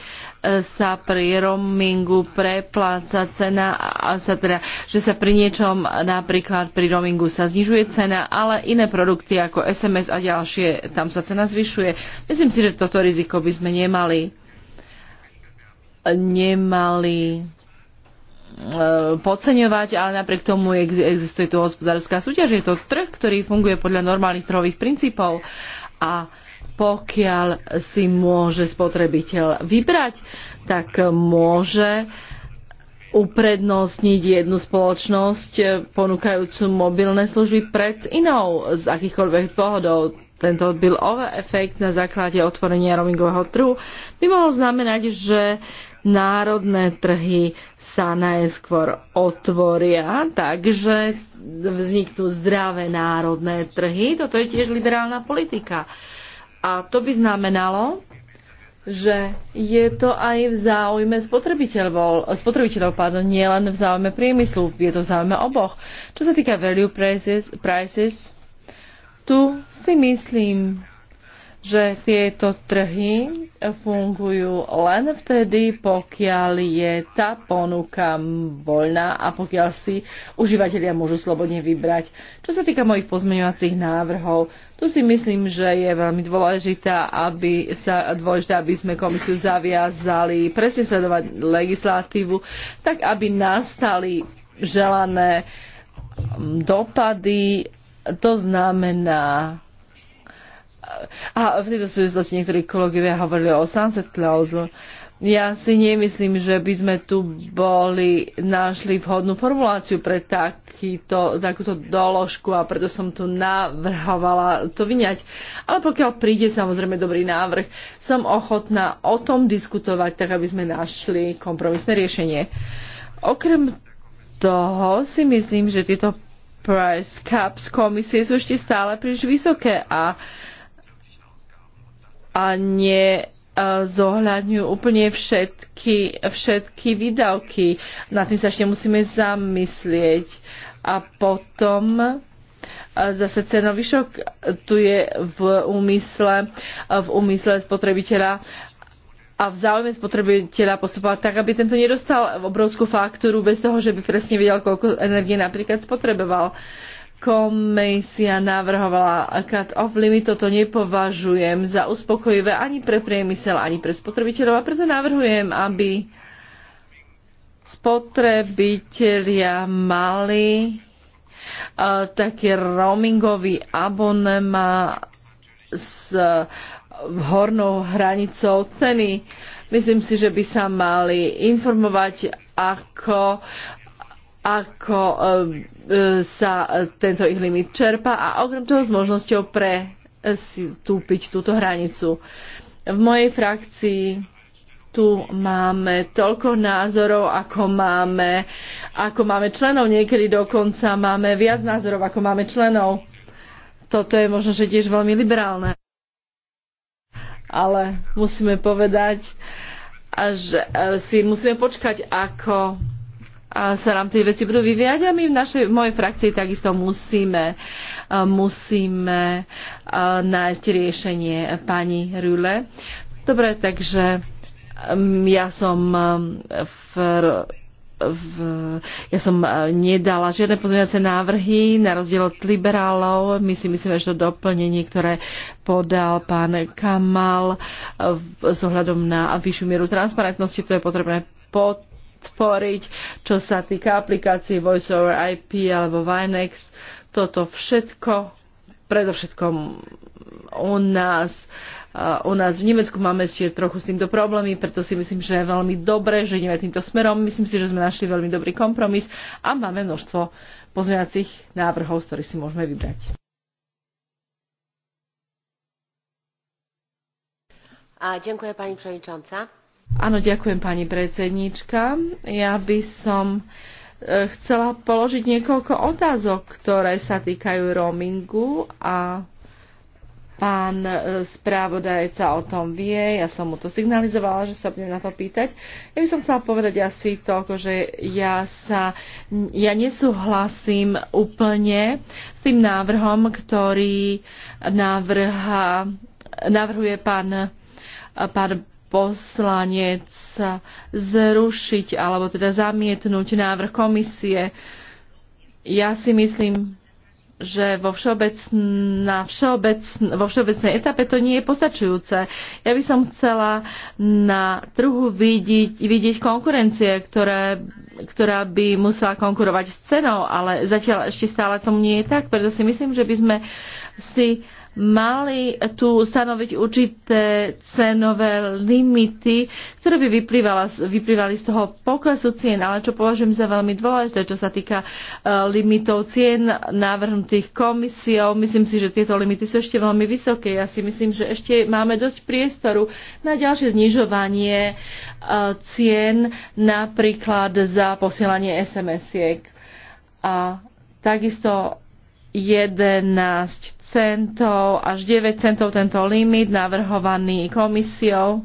sa pri roamingu prepláca cena, a sa teda, že sa pri niečom napríklad pri roamingu sa znižuje cena, ale iné produkty ako SMS a ďalšie, tam sa cena zvyšuje. Myslím si, že toto riziko by sme nemali nemali e, podceňovať, ale napriek tomu existuje tu hospodárska súťaž. Je to trh, ktorý funguje podľa normálnych trhových princípov a pokiaľ si môže spotrebiteľ vybrať, tak môže uprednostniť jednu spoločnosť eh, ponúkajúcu mobilné služby pred inou z akýchkoľvek dôvodov. Tento bill-over efekt na základe otvorenia roamingového trhu by mohol znamenať, že národné trhy sa najskôr otvoria, takže vzniknú zdravé národné trhy. Toto je tiež liberálna politika. Uh, a to by znamenalo, že je to aj v záujme spotrebiteľov, spotrebiteľov pardon, nie len v záujme priemyslu, je to v záujme oboch. Čo sa týka value prices, prices tu si myslím, že tieto trhy fungujú len vtedy, pokiaľ je tá ponuka voľná a pokiaľ si užívateľia môžu slobodne vybrať. Čo sa týka mojich pozmeňovacích návrhov, tu si myslím, že je veľmi dôležité, aby, sa, dôležité, aby sme komisiu zaviazali presne sledovať legislatívu, tak aby nastali želané dopady, to znamená a v tejto súvislosti niektorí kolegovia hovorili o sunset clause. Ja si nemyslím, že by sme tu boli našli vhodnú formuláciu pre takýto, takúto doložku a preto som tu navrhovala to vyňať. Ale pokiaľ príde samozrejme dobrý návrh, som ochotná o tom diskutovať, tak aby sme našli kompromisné riešenie. Okrem toho si myslím, že tieto price caps komisie sú ešte stále príliš vysoké a uh, a nie zohľadňujú úplne všetky, všetky výdavky. Na tým sa ešte musíme zamyslieť. A potom zase cenový šok tu je v úmysle, v úmysle spotrebiteľa a v záujme spotrebiteľa postupovať tak, aby tento nedostal obrovskú faktúru bez toho, že by presne vedel, koľko energie napríklad spotreboval. Uh, Komisia navrhovala cut off limit, toto nepovažujem za uspokojivé ani pre priemysel, ani pre spotrebiteľov a preto navrhujem, aby spotrebitelia mali uh, taký roamingový abonema s uh, hornou hranicou ceny. Myslím si, že by sa mali informovať, ako ako e, E, sa tento ich limit čerpa a okrem toho s možnosťou prestúpiť e, túto hranicu. V mojej frakcii tu máme toľko názorov, ako máme, ako máme členov. Niekedy dokonca máme viac názorov, ako máme členov. Toto je možno, že tiež veľmi liberálne. Ale musíme povedať, že e, si musíme počkať, ako a sa nám tie veci budú vyviať a my v našej, v mojej frakcii takisto musíme, musíme nájsť riešenie pani Rule. Dobre, takže um, ja som um, v v, ja som uh, nedala žiadne pozmeňovacie návrhy na rozdiel od liberálov. My si myslíme, že to doplnenie, ktoré podal pán Kamal uh, s so ohľadom na vyššiu mieru transparentnosti, to je potrebné pod Tvoriť, čo sa týka aplikácií Voice over IP alebo Vinex. Toto všetko, predovšetkom u nás, eh, u nás v Nemecku máme ešte trochu s týmto problémy, preto si myslím, že je veľmi dobre, že ideme týmto smerom. Myslím si, že sme našli veľmi dobrý kompromis a máme množstvo pozmeňacích návrhov, z ktorých si môžeme vybrať. A, dziękuję pani przewodnicząca Áno, ďakujem pani predsednička. Ja by som e, chcela položiť niekoľko otázok, ktoré sa týkajú roamingu a pán e, správodajca o tom vie, ja som mu to signalizovala, že sa budem na to pýtať. Ja by som chcela povedať asi to, že ja sa, ja nesúhlasím úplne s tým návrhom, ktorý navrha, navrhuje pán, pán poslanec zrušiť alebo teda zamietnúť návrh komisie. Ja si myslím, že vo, všeobecná, všeobecn, vo všeobecnej etape to nie je postačujúce. Ja by som chcela na trhu vidieť, vidieť konkurencie, ktoré, ktorá by musela konkurovať s cenou, ale zatiaľ ešte stále tomu nie je tak, preto si myslím, že by sme si uh, mali tu stanoviť určité cenové limity, ktoré by vyplývali z toho poklesu cien. Ale čo považujem za veľmi dôležité, čo sa týka e, limitov cien navrhnutých komisiou, myslím si, že tieto limity sú ešte veľmi vysoké. Ja si myslím, že ešte máme dosť priestoru na ďalšie znižovanie e, cien napríklad za posielanie SMS-iek. A takisto 11 centov až 9 centov tento limit navrhovaný komisiou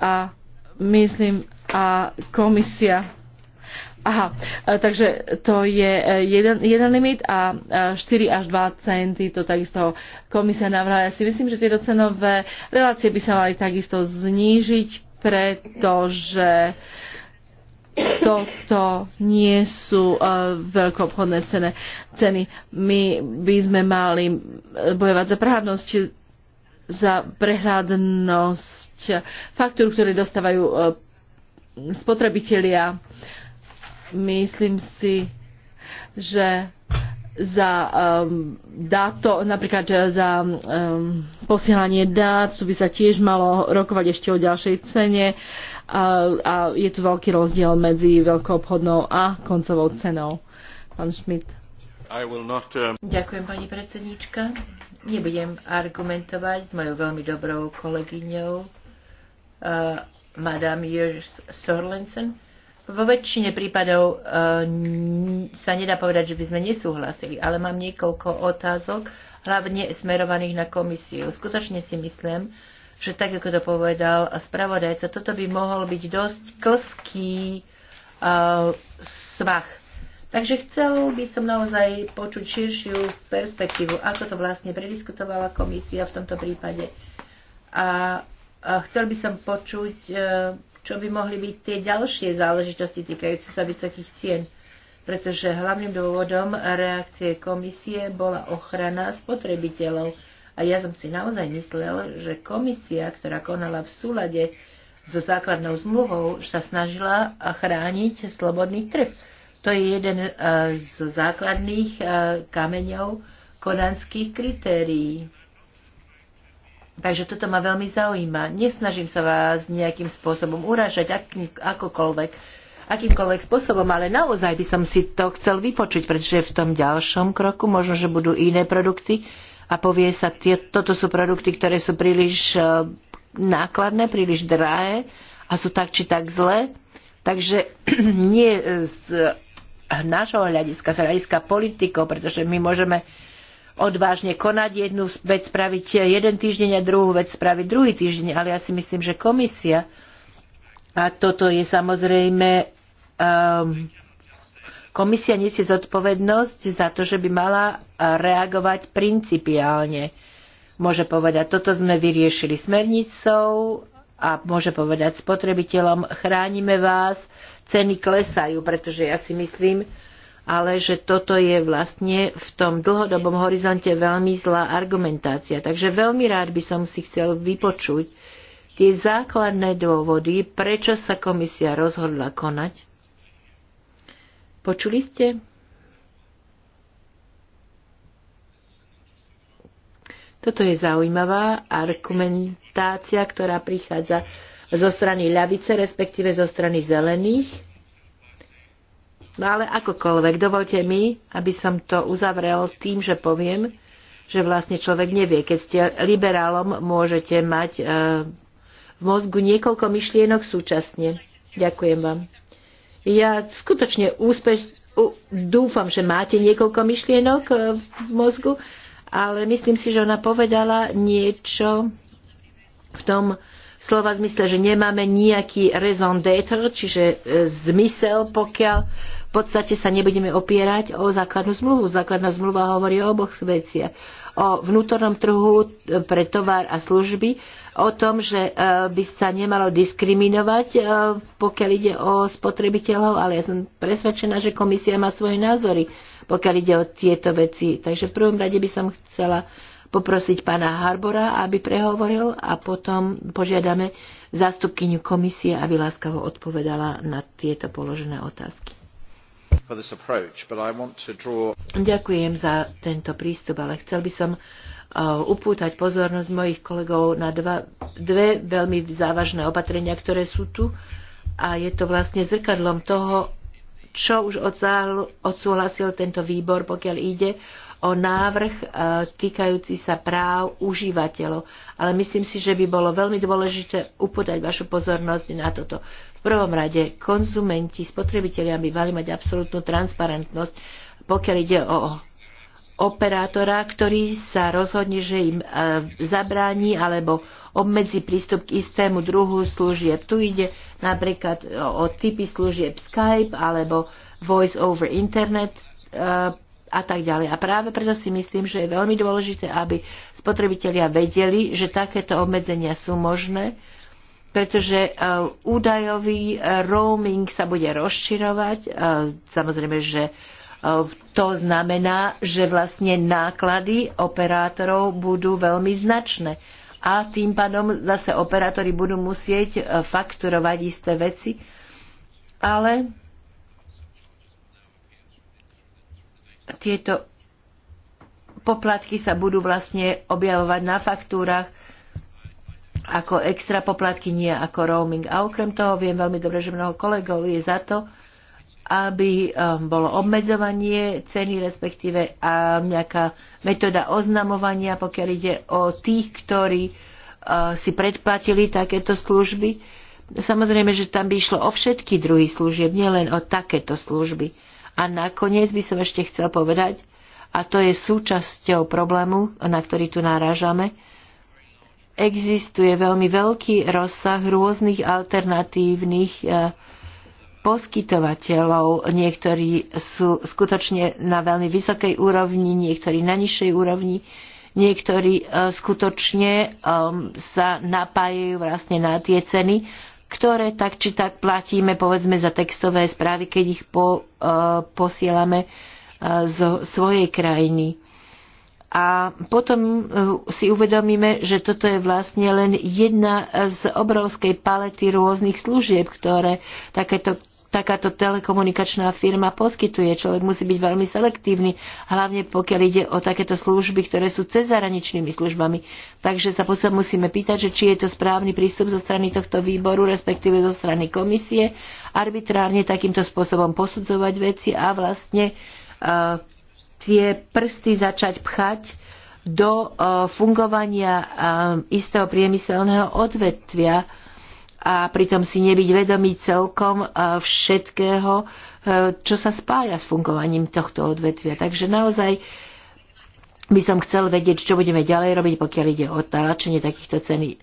a myslím a komisia Aha, takže to je e, jeden, jeden limit a 4 e, až 2 centy to takisto komisia navrhla. Ja si myslím, že tieto cenové relácie by sa mali takisto znížiť, pretože uh, toto nie sú uh, veľkoobchodné ceny. My by sme mali eh, bojovať za prehľadnosť za prehľadnosť faktúr, ktoré dostávajú uh, spotrebitelia. Myslím si, že za um, dáto, napríklad za um, posielanie dát, tu by sa tiež malo rokovať ešte o ďalšej cene. Uh, a, a je tu veľký rozdiel medzi veľkou obchodnou a koncovou cenou. Pán Schmidt. I will Not, um... Ďakujem, pani predsedníčka. Nebudem argumentovať s mojou veľmi dobrou kolegyňou, uh, Madame Jörs Sorlensen. Vo väčšine prípadov uh, sa nedá povedať, že by sme nesúhlasili, ale mám niekoľko otázok, hlavne smerovaných na komisiu. Skutočne si myslím, uh, že tak, ako to povedal spravodajca, toto by mohol byť dosť klský uh, svach. Takže chcel by som naozaj počuť širšiu perspektívu, ako to vlastne prediskutovala komisia v tomto prípade. A, a chcel by som počuť, e, čo by mohli byť tie ďalšie záležitosti týkajúce sa vysokých cien. Pretože hlavným dôvodom reakcie komisie bola ochrana spotrebiteľov. A ja som si naozaj myslel, že komisia, ktorá konala v súlade so základnou zmluvou, sa snažila chrániť slobodný trh. To je jeden eh, z základných eh, kameňov konanských kritérií. Takže toto ma veľmi zaujíma. Nesnažím sa vás nejakým spôsobom uražať, akým, akokoľvek, akýmkoľvek spôsobom, ale naozaj by som si to chcel vypočuť, pretože v tom ďalšom kroku možno, že budú iné produkty, a povie sa, tie, toto sú produkty, ktoré sú príliš e, nákladné, príliš drahé a sú tak či tak zlé. Takže nie z nášho hľadiska, z hľadiska politikov, pretože my môžeme odvážne konať jednu vec spraviť jeden týždeň a druhú vec spraviť druhý týždeň, ale ja si myslím, že komisia, a toto je samozrejme um, Komisia nesie zodpovednosť za to, že by mala e, reagovať principiálne. Môže povedať, toto sme vyriešili smernicou a môže povedať spotrebiteľom, chránime vás, ceny klesajú, pretože ja si myslím, ale že toto je vlastne v tom dlhodobom horizonte veľmi zlá argumentácia. Takže veľmi rád by som si chcel vypočuť tie základné dôvody, prečo sa komisia rozhodla konať Počuli ste? Toto je zaujímavá argumentácia, ktorá prichádza zo strany ľavice, respektíve zo strany zelených. No ale akokoľvek, dovolte mi, aby som to uzavrel tým, že poviem, že vlastne človek nevie. Keď ste liberálom, môžete mať eh, v mozgu niekoľko myšlienok súčasne. Ďakujem vám. Ja skutočne úspeš, dúfam, že máte niekoľko myšlienok e, v mozgu, ale myslím si, že ona povedala niečo v tom slova zmysle, že nemáme nejaký raison d'être, čiže e, zmysel, pokiaľ v podstate sa nebudeme opierať o základnú zmluvu. Základná zmluva hovorí o oboch veciach. O vnútornom trhu pre tovar a služby o tom, že e, by sa nemalo diskriminovať, e, pokiaľ ide o spotrebiteľov, ale ja som presvedčená, že komisia má svoje názory, pokiaľ ide o tieto veci. Takže v prvom rade by som chcela poprosiť pána Harbora, aby prehovoril a potom požiadame zástupkyňu komisie, aby láskavo odpovedala na tieto položené otázky. Ďakujem za tento prístup, ale chcel by som upútať pozornosť mojich kolegov na dva, dve veľmi závažné opatrenia, ktoré sú tu a je to vlastne zrkadlom toho, čo už odsúhlasil tento výbor, pokiaľ ide o návrh e, týkajúci sa práv užívateľov. Ale myslím si, že by bolo veľmi dôležité upútať vašu pozornosť na toto. V prvom rade konzumenti, spotrebitelia by mali mať absolútnu transparentnosť, pokiaľ ide o operátora, ktorý sa rozhodne, že im e, zabráni alebo obmedzi prístup k istému druhu služieb. Tu ide napríklad o typy služieb Skype alebo Voice over Internet e, a tak ďalej. A práve preto si myslím, že je veľmi dôležité, aby spotrebitelia vedeli, že takéto obmedzenia sú možné, pretože e, údajový roaming sa bude rozširovať. Samozrejme, že Eh, to znamená, že vlastne náklady operátorov budú veľmi značné a tým pádom zase operátori budú musieť eh, fakturovať isté veci, ale tieto poplatky sa budú vlastne objavovať na faktúrach ako extra poplatky, nie ako roaming. A okrem toho viem veľmi dobre, že mnoho kolegov je za to, aby um, bolo obmedzovanie ceny, respektíve a um, nejaká metóda oznamovania, pokiaľ ide o tých, ktorí uh, si predplatili takéto služby. Samozrejme, že tam by išlo o všetky druhy služieb, nielen o takéto služby. A nakoniec by som ešte chcel povedať, a to je súčasťou problému, na ktorý tu narážame, existuje veľmi veľký rozsah rôznych alternatívnych uh, poskytovateľov. Niektorí sú skutočne na veľmi vysokej úrovni, niektorí na nižšej úrovni, niektorí e, skutočne um, sa napájajú vlastne na tie ceny, ktoré tak či tak platíme povedzme za textové správy, keď ich po, e, posielame e, zo svojej krajiny a potom e, si uvedomíme, že toto je vlastne len jedna z obrovskej palety rôznych služieb, ktoré takéto takáto telekomunikačná firma poskytuje. Človek musí byť veľmi selektívny, hlavne pokiaľ ide o takéto služby, ktoré sú cezhraničnými službami. Takže sa potom musíme pýtať, že či je to správny prístup zo strany tohto výboru, respektíve zo strany komisie, arbitrárne takýmto spôsobom posudzovať veci a vlastne uh, tie prsty začať pchať do e, fungovania e, istého priemyselného odvetvia a pritom si nebyť vedomý celkom e, všetkého, čo sa spája s fungovaním tohto odvetvia. Takže naozaj by som chcel vedieť, čo budeme ďalej robiť, pokiaľ ide o tálačenie takýchto ceny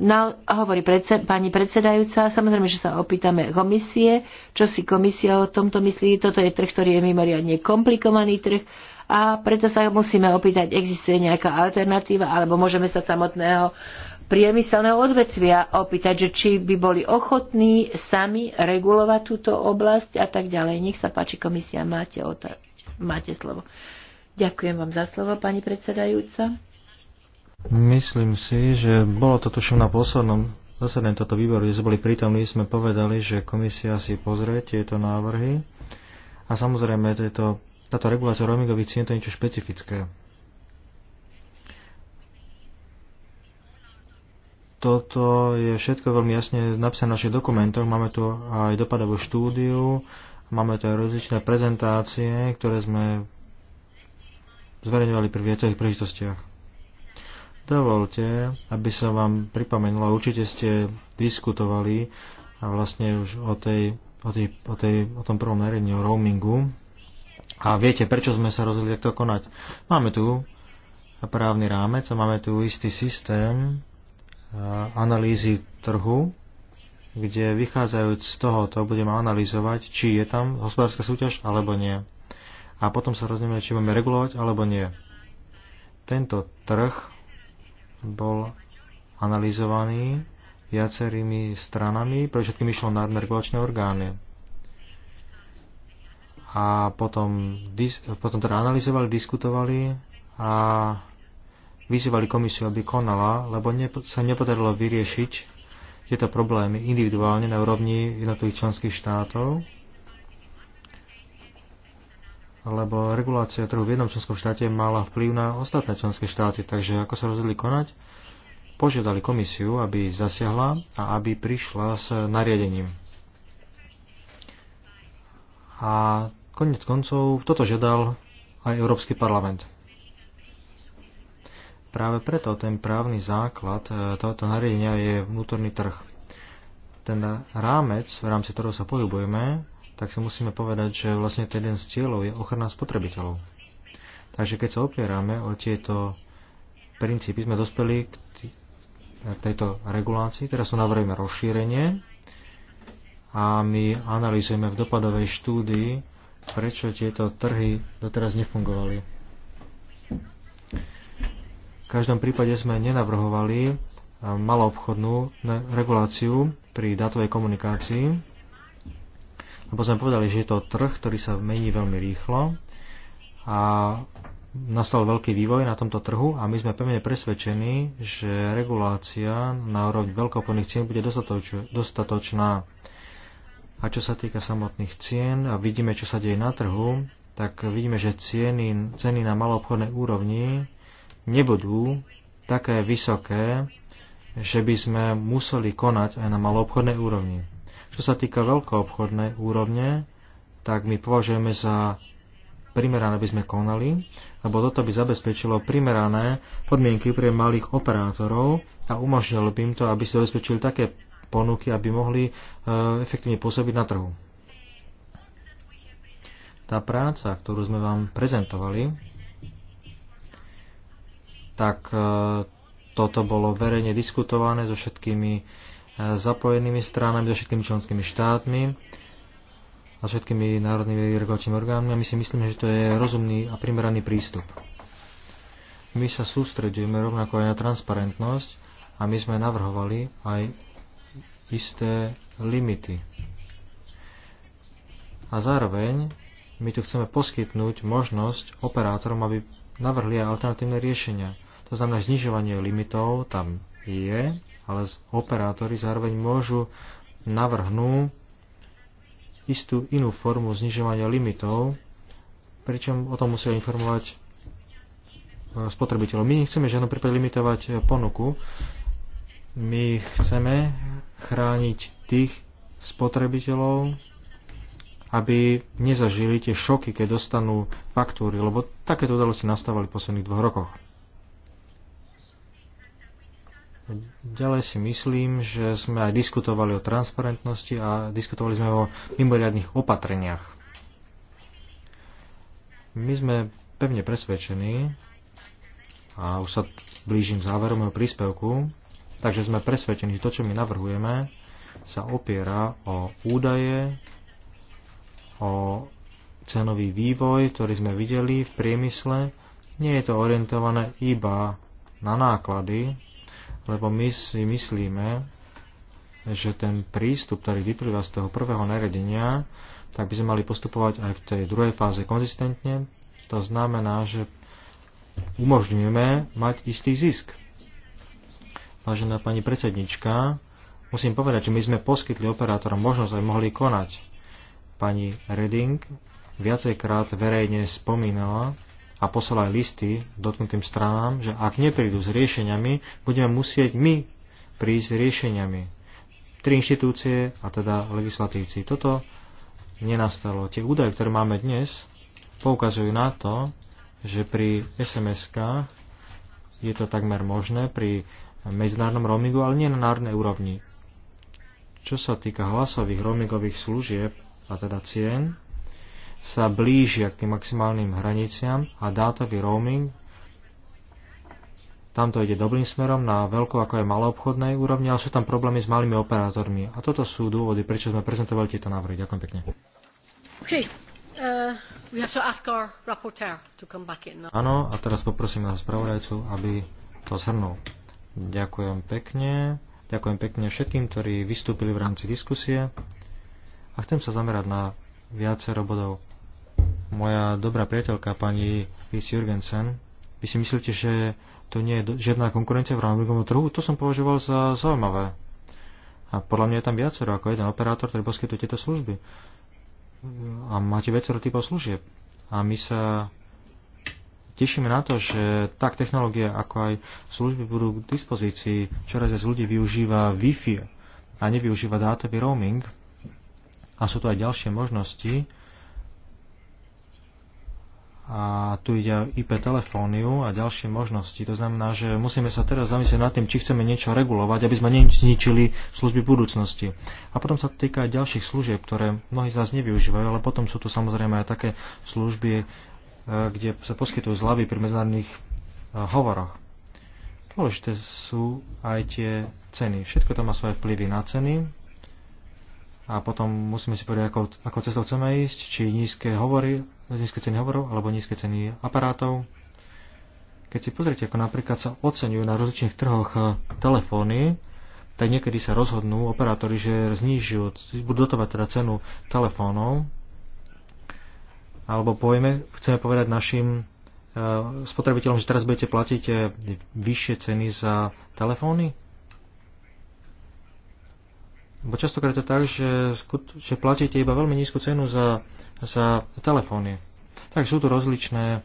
na, hovorí predse, pani predsedajúca, samozrejme, že sa opýtame komisie, čo si komisia o tomto myslí. Toto je trh, ktorý je mimoriadne komplikovaný trh a preto sa musíme opýtať, existuje nejaká alternatíva alebo môžeme sa samotného priemyselného odvetvia opýtať, že či by boli ochotní sami regulovať túto oblasť a tak ďalej. Nech sa páči, komisia, máte, máte slovo. Ďakujem vám za slovo, pani predsedajúca. Myslím si, že bolo to tuším na poslednom zasadení toto výboru, kde sme boli prítomní, sme povedali, že komisia si pozrie tieto návrhy a samozrejme tieto, táto regulácia roamingových cien to je niečo špecifické. Toto je všetko veľmi jasne napísané v našich dokumentoch. Máme tu aj dopadovú štúdiu, máme tu aj rozličné prezentácie, ktoré sme zverejňovali pri viacerých príležitostiach. Dovolte, aby som vám pripomenula, určite ste diskutovali a vlastne už o, tej, o, tej, o, tej, o tom prvom nariadení o roamingu a viete, prečo sme sa rozhodli takto konať. Máme tu právny rámec a máme tu istý systém analýzy trhu, kde vychádzajúc z tohoto budeme analyzovať, či je tam hospodárska súťaž alebo nie. A potom sa rozhodneme, či budeme regulovať alebo nie. Tento trh bol analyzovaný viacerými stranami, pre všetkým išlo na regulačné orgány. A potom, dis, potom teda analyzovali, diskutovali a vyzývali komisiu, aby konala, lebo ne, sa nepodarilo vyriešiť tieto problémy individuálne na úrovni jednotlivých členských štátov lebo regulácia trhu v jednom členskom štáte mala vplyv na ostatné členské štáty, takže ako sa rozhodli konať, požiadali komisiu, aby zasiahla a aby prišla s nariadením. A konec koncov toto žiadal aj Európsky parlament. Práve preto ten právny základ tohoto e, nariadenia je vnútorný trh. Ten rámec, v rámci ktorého sa pohybujeme, tak si musíme povedať, že vlastne ten jeden z cieľov je ochrana spotrebiteľov. Takže keď sa opierame o tieto princípy, sme dospeli k tejto regulácii. Teraz tu navrhujeme rozšírenie a my analýzujeme v dopadovej štúdii, prečo tieto trhy doteraz nefungovali. V každom prípade sme nenavrhovali eh, maloobchodnú reguláciu pri datovej komunikácii lebo no sme povedali, že je to trh, ktorý sa mení veľmi rýchlo a nastal veľký vývoj na tomto trhu a my sme pevne presvedčení, že regulácia na úrovni veľkopodných cien bude dostatočná. A čo sa týka samotných cien a vidíme, čo sa deje na trhu, tak vidíme, že cieny, ceny na maloobchodnej úrovni nebudú také vysoké, že by sme museli konať aj na maloobchodnej úrovni. Čo sa týka veľkoobchodnej úrovne, tak my považujeme za primerané aby sme konali, lebo toto by zabezpečilo primerané podmienky pre malých operátorov a umožnilo by im to, aby si zabezpečili také ponuky, aby mohli e, efektívne pôsobiť na trhu. Tá práca, ktorú sme vám prezentovali, tak e, toto bolo verejne diskutované so všetkými zapojenými stranami, so všetkými členskými štátmi a všetkými národnými regulačnými orgánmi a my si myslíme, že to je rozumný a primeraný prístup. My sa sústredujeme rovnako aj na transparentnosť a my sme navrhovali aj isté limity. A zároveň my tu chceme poskytnúť možnosť operátorom, aby navrhli aj alternatívne riešenia. To znamená, znižovanie limitov tam je, ale operátori zároveň môžu navrhnú istú inú formu znižovania limitov, pričom o tom musia informovať e, spotrebiteľov. My nechceme žiadnom prípade limitovať e, ponuku, my chceme chrániť tých spotrebiteľov, aby nezažili tie šoky, keď dostanú faktúry, lebo takéto udalosti nastávali v posledných dvoch rokoch. Ďalej si myslím, že sme aj diskutovali o transparentnosti a diskutovali sme o mimoriadných opatreniach. My sme pevne presvedčení, a už sa blížim záveru môjho príspevku, takže sme presvedčení, že to, čo my navrhujeme, sa opiera o údaje, o cenový vývoj, ktorý sme videli v priemysle. Nie je to orientované iba na náklady, lebo my si myslíme, že ten prístup, ktorý vyplýva z toho prvého nariadenia, tak by sme mali postupovať aj v tej druhej fáze konzistentne. To znamená, že umožňujeme mať istý zisk. Vážená pani predsednička, musím povedať, že my sme poskytli operátorom možnosť aj mohli konať. Pani Reding viacejkrát verejne spomínala, a poslal aj listy dotknutým stranám, že ak neprídu s riešeniami, budeme musieť my prísť s riešeniami. Tri inštitúcie a teda legislatívci. Toto nenastalo. Tie údaje, ktoré máme dnes, poukazujú na to, že pri SMS-kách je to takmer možné pri medzinárodnom roamingu, ale nie na národnej úrovni. Čo sa týka hlasových roamingových služieb a teda cien, sa blížia k tým maximálnym hraniciam a dátový roaming Tamto ide dobrým smerom na veľkú ako aj maloobchodnej úrovni, ale sú tam problémy s malými operátormi. A toto sú dôvody, prečo sme prezentovali tieto návrhy. Ďakujem pekne. Okay. Uh, Áno, a teraz poprosím nášho spravodajcu, aby to zhrnul. Ďakujem pekne. Ďakujem pekne všetkým, ktorí vystúpili v rámci diskusie. A chcem sa zamerať na viacero bodov moja dobrá priateľka pani Liz Jurgensen, vy si myslíte, že to nie je žiadna konkurencia v rámci trhu? To som považoval za zaujímavé. A podľa mňa je tam viacero, ako jeden operátor, ktorý poskytuje tieto služby. A máte viacero typov služieb. A my sa tešíme na to, že tak technológie, ako aj služby budú k dispozícii. Čoraz viac ľudí využíva Wi-Fi a nevyužíva dátový roaming. A sú tu aj ďalšie možnosti, a tu ide IP telefóniu a ďalšie možnosti. To znamená, že musíme sa teraz zamyslieť nad tým, či chceme niečo regulovať, aby sme nezničili služby budúcnosti. A potom sa to týka aj ďalších služieb, ktoré mnohí z nás nevyužívajú, ale potom sú tu samozrejme aj také služby, e, kde sa poskytujú zľavy pri medzinárodných e, hovoroch. Dôležité sú aj tie ceny. Všetko to má svoje vplyvy na ceny, a potom musíme si povedať, ako, ako cestou chceme ísť, či nízke hovory, nízke ceny hovorov alebo nízke ceny aparátov. Keď si pozrite, ako napríklad sa oceňujú na rozličných trhoch eh, telefóny, tak niekedy sa rozhodnú operátori, že znižujú, budú dotovať teda cenu telefónov, alebo povieme, chceme povedať našim eh, spotrebiteľom, že teraz budete platiť eh, vyššie ceny za telefóny? Bo častokrát je to tak, že, že platíte iba veľmi nízku cenu za, za telefóny. Tak sú tu rozličné e,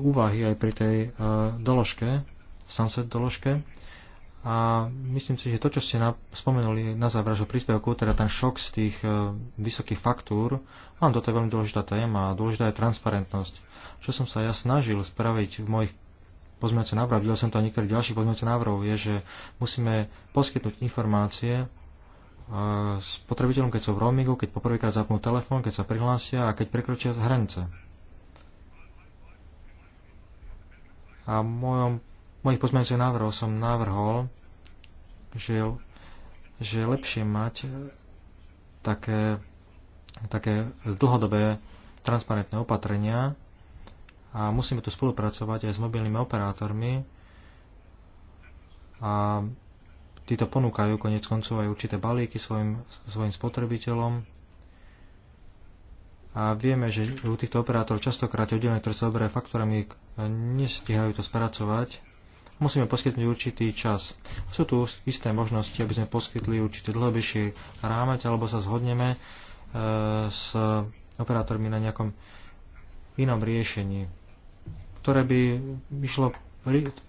úvahy aj pri tej e, doložke, sunset doložke. A myslím si, že to, čo ste na, spomenuli na záver že príspevku, teda ten šok z tých e, vysokých faktúr, mám toto je veľmi dôležitá téma a dôležitá je transparentnosť. Čo som sa ja snažil spraviť v mojich pozmeňujúcich návrhoch, videl som to aj niektorých ďalších pozmeňujúcich návrhov, je, že musíme poskytnúť informácie spotrebiteľom, keď sú v roamingu, keď poprvýkrát zapnú telefón, keď sa prihlásia a keď prekročia hranice. A v mojom, mojich pozmeňujúcich návrhov som navrhol, že, že je lepšie mať také, také dlhodobé transparentné opatrenia a musíme tu spolupracovať aj s mobilnými operátormi a títo ponúkajú konec koncov aj určité balíky svojim, svojim spotrebiteľom. A vieme, že u týchto operátorov častokrát oddelenia, ktoré sa oberajú faktorami, nestihajú to spracovať. Musíme poskytnúť určitý čas. Sú tu isté možnosti, aby sme poskytli určité dlhobejšie rámec, alebo sa zhodneme e, s operátormi na nejakom inom riešení, ktoré by išlo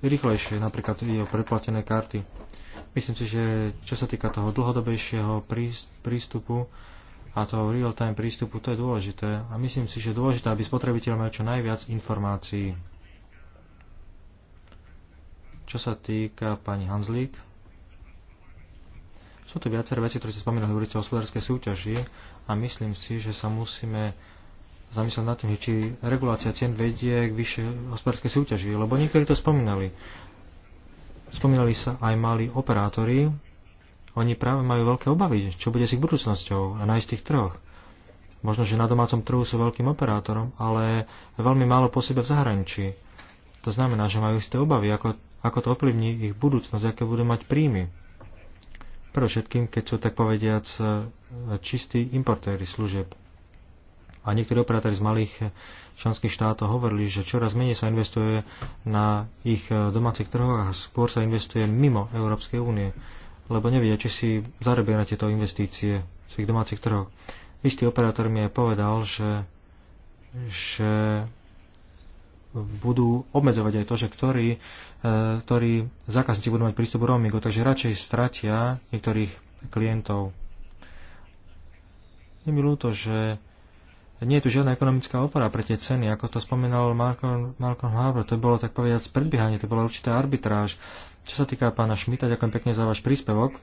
rýchlejšie, napríklad i o preplatené karty. Myslím si, že čo sa týka toho dlhodobejšieho prístupu a toho real-time prístupu, to je dôležité. A myslím si, že je dôležité, aby spotrebiteľ mal čo najviac informácií. Čo sa týka pani Hanzlík, sú tu viaceré veci, ktoré ste spomínali, hovoríte o hospodárskej súťaži a myslím si, že sa musíme zamyslieť nad tým, či regulácia cien vedie k vyššej hospodárskej súťaži, lebo niektorí to spomínali. Spomínali sa aj malí operátori. Oni práve majú veľké obavy, čo bude s ich budúcnosťou a na istých troch. Možno, že na domácom trhu sú veľkým operátorom, ale veľmi málo po sebe v zahraničí. To znamená, že majú isté obavy, ako, ako to ovplyvní ich budúcnosť, aké budú mať príjmy. Pre všetkým, keď sú tak povediac e, čistí importéry služieb a niektorí operátori z malých eh, členských štátov hovorili, že čoraz menej sa investuje na ich eh, domácich trhoch a skôr sa investuje mimo Európskej únie, lebo nevedia, či si zarobia na tieto investície v svojich domácich trhoch. Istý operátor mi aj povedal, že, že budú obmedzovať aj to, že ktorí, eh, ktorí zákazníci budú mať prístup roamingu, takže radšej stratia niektorých klientov. Je mi ľúto, že nie je tu žiadna ekonomická opora pre tie ceny, ako to spomínal Malcolm, Malcolm Harbour, to bolo tak povedať predbiehanie, to bola určitá arbitráž. Čo sa týka pána Šmita, ďakujem pekne za váš príspevok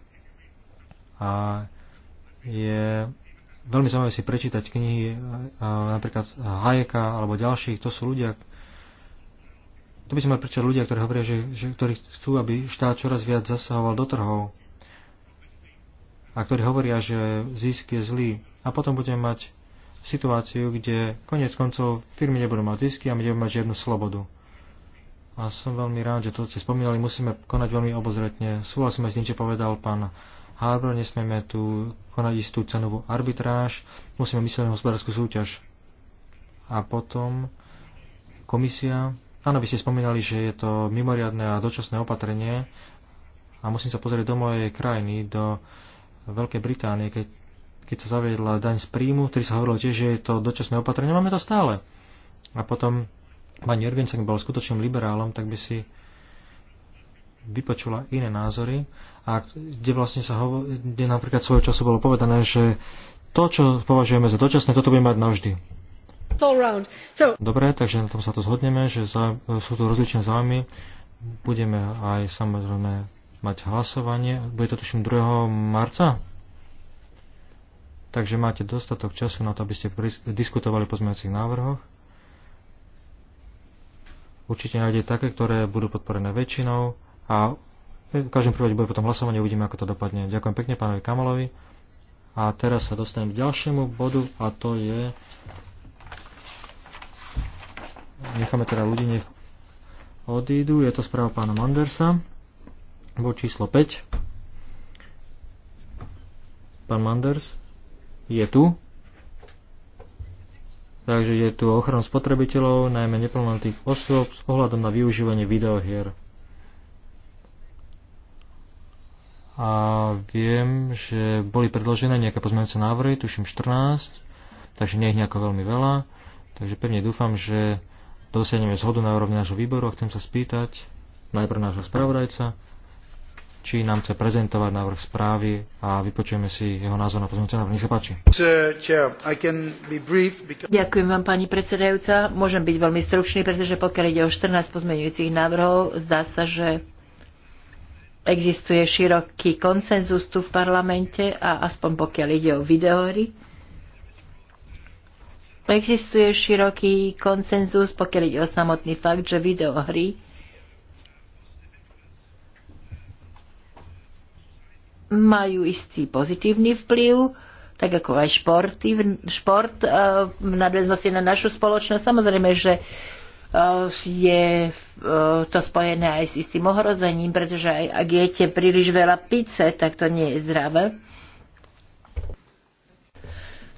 a je veľmi zaujímavé si prečítať knihy e, e, napríklad Hayeka alebo ďalších, to sú ľudia, to by sme mali prečítať ľudia, ktorí hovoria, že, že ktorí chcú, aby štát čoraz viac zasahoval do trhov a ktorí hovoria, že zisk je zlý. A potom budeme mať situáciu, kde konec koncov firmy nebudú mať zisky a my nebudeme mať žiadnu slobodu. A som veľmi rád, že to, ste spomínali, musíme konať veľmi obozretne. Súhlasíme s tým, čo povedal pán Harbour, nesmieme tu konať istú cenovú arbitráž, musíme myslieť na hospodárskú súťaž. A potom komisia, áno, vy ste spomínali, že je to mimoriadne a dočasné opatrenie a musím sa pozrieť do mojej krajiny, do Veľkej Británie, keď keď sa zaviedla daň z príjmu, ktorý sa hovorilo tiež, že je to dočasné opatrenie, máme to stále. A potom pani Jurgensen bol skutočným liberálom, tak by si vypočula iné názory, a kde vlastne sa hovo- kde napríklad svojho času bolo povedané, že to, čo považujeme za dočasné, toto budeme mať navždy. Dobre, takže na tom sa to zhodneme, že za, sú tu rozličné zájmy. Budeme aj samozrejme mať hlasovanie. Bude to tuším 2. marca? takže máte dostatok času na to, aby ste diskutovali o pozmeňujúcich návrhoch. Určite nájdete také, ktoré budú podporené väčšinou a v každom prípade bude potom hlasovanie, uvidíme, ako to dopadne. Ďakujem pekne pánovi Kamalovi. A teraz sa dostanem k ďalšiemu bodu a to je... Necháme teda ľudí, nech odídu. Je to správa pána Mandersa. Bod číslo 5. Pán Manders je tu. Takže je tu ochranu spotrebiteľov, najmä neplnoletých osôb s ohľadom na využívanie videohier. A viem, že boli predložené nejaké pozmeňujúce návrhy, tuším 14, takže nie je nejako veľmi veľa. Takže pevne dúfam, že dosiahneme zhodu na úrovni nášho výboru a chcem sa spýtať najprv nášho spravodajca, či nám chce prezentovať návrh správy a vypočujeme si jeho názor na pozornosť návrh. Nech sa páči. Ďakujem vám, pani predsedajúca. Môžem byť veľmi stručný, pretože pokiaľ ide o 14 pozmeňujúcich návrhov, zdá sa, že existuje široký konsenzus tu v parlamente a aspoň pokiaľ ide o videohry. Existuje široký konsenzus, pokiaľ ide o samotný fakt, že videohry majú istý pozitívny vplyv, tak ako aj športy, šport eh, v nadväznosti na našu spoločnosť. Samozrejme, že eh, je eh, to spojené aj s istým ohrozením, pretože aj ak jete príliš veľa pice, tak to nie je zdravé.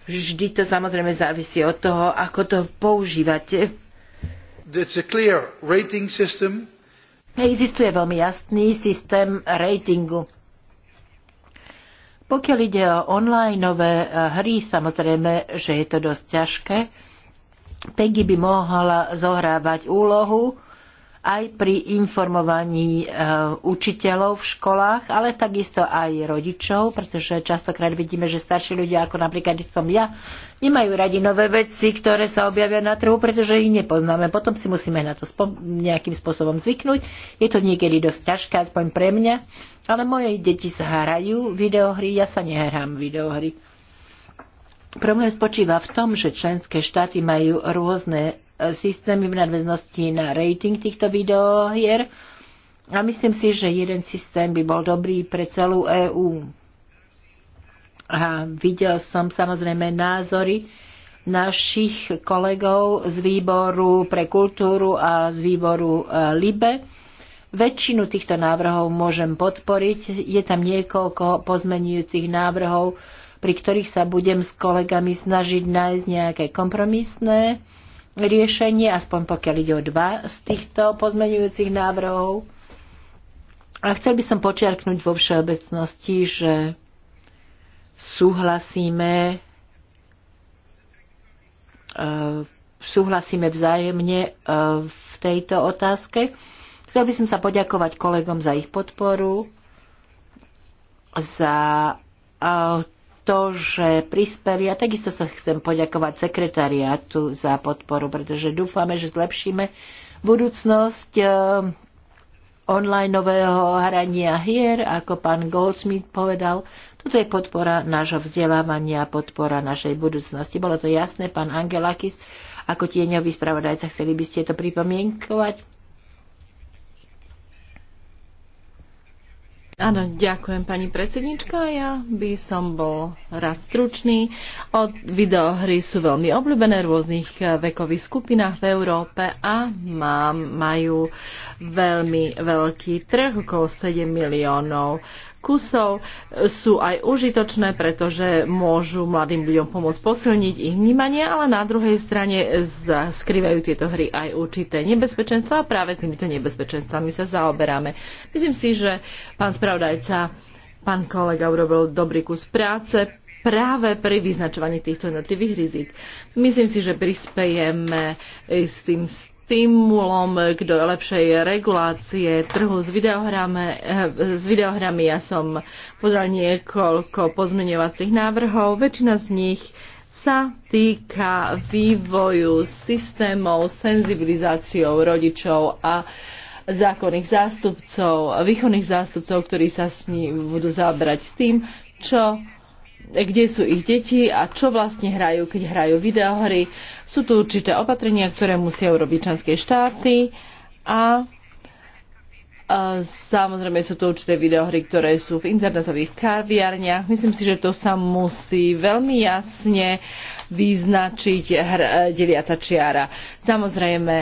Vždy to samozrejme závisí od toho, ako to používate. It's a clear rating system. Existuje veľmi jasný systém ratingu pokiaľ ide o onlineové eh, hry, samozrejme, že je to dosť ťažké. Peggy by mohla zohrávať úlohu, aj pri informovaní e, učiteľov v školách, ale takisto aj rodičov, pretože častokrát vidíme, že starší ľudia, ako napríklad som ja, nemajú radi nové veci, ktoré sa objavia na trhu, pretože ich nepoznáme. Potom si musíme na to nejakým spôsobom zvyknúť. Je to niekedy dosť ťažké, aspoň pre mňa, ale moje deti sa hrajú videohry, ja sa nehrám videohry. Problém spočíva v tom, že členské štáty majú rôzne systémy v nadväznosti na rating týchto videohier. A myslím si, že jeden systém by bol dobrý pre celú EÚ. A videl som samozrejme názory našich kolegov z výboru pre kultúru a z výboru e, LIBE. Väčšinu týchto návrhov môžem podporiť. Je tam niekoľko pozmenujúcich návrhov, pri ktorých sa budem s kolegami snažiť nájsť nejaké kompromisné riešenie, aspoň pokiaľ ide o dva z týchto pozmeňujúcich návrhov. A chcel by som počiarknúť vo všeobecnosti, že súhlasíme e, súhlasíme vzájemne e, v tejto otázke. Chcel by som sa poďakovať kolegom za ich podporu, za e, to, že prispeli. A takisto sa chcem poďakovať sekretariátu za podporu, pretože dúfame, že zlepšíme budúcnosť eh, onlineového hrania hier, ako pán Goldsmith povedal. Toto je podpora nášho vzdelávania, podpora našej budúcnosti. Bolo to jasné, pán Angelakis, ako tieňový spravodajca, chceli by ste to pripomienkovať? Áno, ďakujem pani predsednička. Ja by som bol rád stručný. Od videohry sú veľmi obľúbené v rôznych eh, vekových skupinách v Európe a mám, majú veľmi veľký trh, okolo 7 miliónov kusov e, sú aj užitočné, pretože môžu mladým ľuďom pomôcť posilniť ich vnímanie, ale na druhej strane skrývajú tieto hry aj určité nebezpečenstva a práve týmito nebezpečenstvami sa zaoberáme. Myslím si, že pán spravodajca, pán kolega urobil dobrý kus práce práve pri vyznačovaní týchto jednotlivých rizik. Myslím si, že prispejeme s tým stimulom k do lepšej regulácie trhu s, videohrami. Eh, s videohrami. Ja som podal niekoľko pozmeňovacích návrhov. Väčšina z nich sa týka vývoju systémov, senzibilizáciou rodičov a zákonných zástupcov, výchovných zástupcov, ktorí sa s ním budú zaoberať tým, čo kde sú ich deti a čo vlastne hrajú, keď hrajú videohry. Sú tu určité opatrenia, ktoré musia urobiť členské štáty a Samozrejme sú to určité videohry, ktoré sú v internetových kaviarniach. Myslím si, že to sa musí veľmi jasne vyznačiť deliaca čiara. Samozrejme,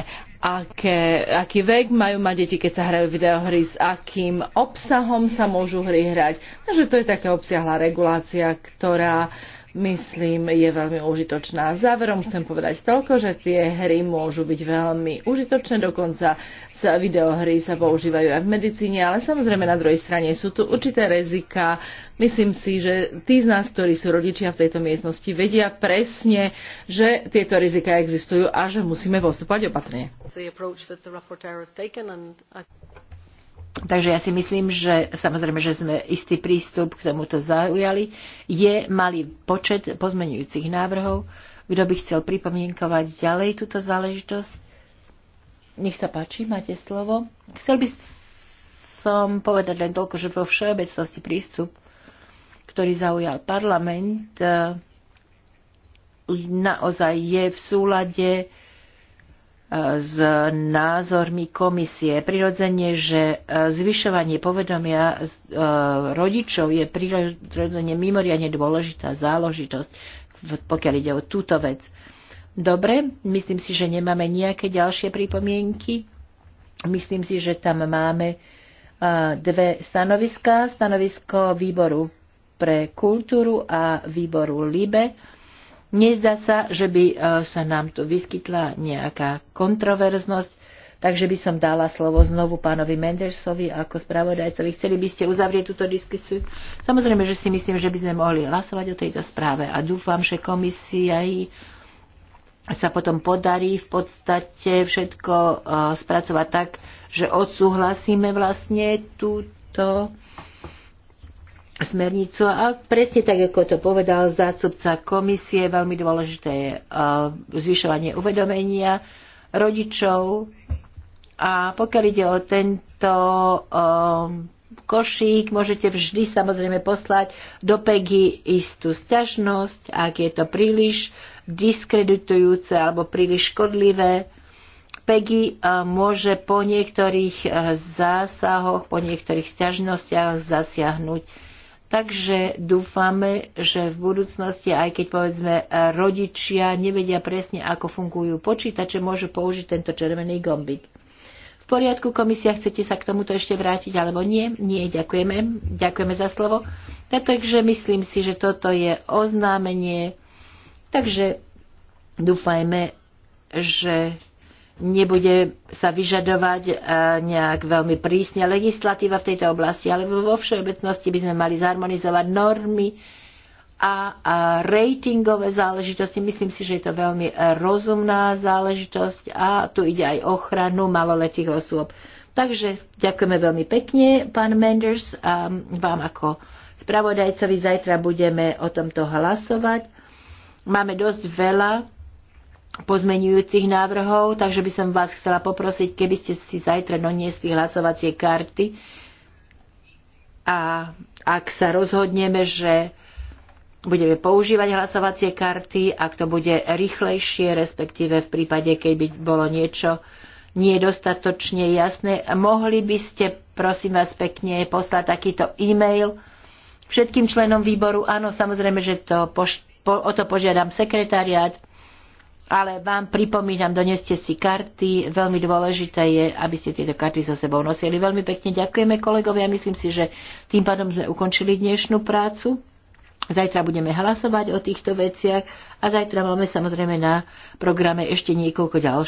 aké, aký vek majú mať deti, keď sa hrajú videohry, s akým obsahom sa môžu hry hrať. Takže to je taká obsiahla regulácia, ktorá myslím, je veľmi užitočná. Záverom chcem povedať toľko, že tie hry môžu byť veľmi užitočné, dokonca sa videohry sa používajú aj v medicíne, ale samozrejme na druhej strane sú tu určité rizika. Myslím si, že tí z nás, ktorí sú rodičia v tejto miestnosti, vedia presne, že tieto rizika existujú a že musíme postupovať opatrne. Takže ja si myslím, že samozrejme, že sme istý prístup k tomuto zaujali. Je malý počet pozmenujúcich návrhov. Kto by chcel pripomienkovať ďalej túto záležitosť? Nech sa páči, máte slovo. Chcel by som povedať len toľko, že vo všeobecnosti prístup, ktorý zaujal parlament, eh, naozaj je v súlade s názormi komisie. Prirodzene, že e, zvyšovanie povedomia e, rodičov je prirodzene mimoriadne dôležitá záložitosť, pokiaľ ide o túto vec. Dobre, myslím si, že nemáme nejaké ďalšie pripomienky. Myslím si, že tam máme e, dve stanoviská. Stanovisko výboru pre kultúru a výboru LIBE Nezdá sa, že by e, sa nám tu vyskytla nejaká kontroverznosť, takže by som dala slovo znovu pánovi Mendersovi ako spravodajcovi. Chceli by ste uzavrieť túto diskusiu? Samozrejme, že si myslím, že by sme mohli hlasovať o tejto správe a dúfam, že komisia sa potom podarí v podstate všetko e, spracovať tak, že odsúhlasíme vlastne túto smernicu a presne tak, ako to povedal zástupca komisie, veľmi dôležité je zvyšovanie uvedomenia rodičov a pokiaľ ide o tento košík, môžete vždy samozrejme poslať do PEGI istú sťažnosť, ak je to príliš diskreditujúce alebo príliš škodlivé. PEGI môže po niektorých zásahoch, po niektorých sťažnostiach zasiahnuť Takže dúfame, že v budúcnosti, aj keď povedzme rodičia nevedia presne, ako fungujú počítače, môžu použiť tento červený gombik. V poriadku, komisia, chcete sa k tomuto ešte vrátiť alebo nie? Nie, ďakujeme. Ďakujeme za slovo. Ja, takže myslím si, že toto je oznámenie. Takže dúfajme, že nebude sa vyžadovať e, nejak veľmi prísne legislatíva v tejto oblasti, ale vo všeobecnosti by sme mali zharmonizovať normy a, a ratingové záležitosti. Myslím si, že je to veľmi rozumná záležitosť a tu ide aj ochranu maloletých osôb. Takže ďakujeme veľmi pekne, pán Menders, a vám ako spravodajcovi. Zajtra budeme o tomto hlasovať. Máme dosť veľa pozmenujúcich návrhov, takže by som vás chcela poprosiť, keby ste si zajtra doniesli hlasovacie karty a ak sa rozhodneme, že budeme používať hlasovacie karty, ak to bude rýchlejšie, respektíve v prípade, keď by bolo niečo nedostatočne jasné, mohli by ste, prosím vás pekne, poslať takýto e-mail všetkým členom výboru. Áno, samozrejme, že to poš- po- o to požiadam sekretariát ale vám pripomínam, doneste si karty. Veľmi dôležité je, aby ste tieto karty so sebou nosili. Veľmi pekne ďakujeme kolegovia. Myslím si, že tým pádom sme ukončili dnešnú prácu. Zajtra budeme hlasovať o týchto veciach a zajtra máme samozrejme na programe ešte niekoľko ďalších.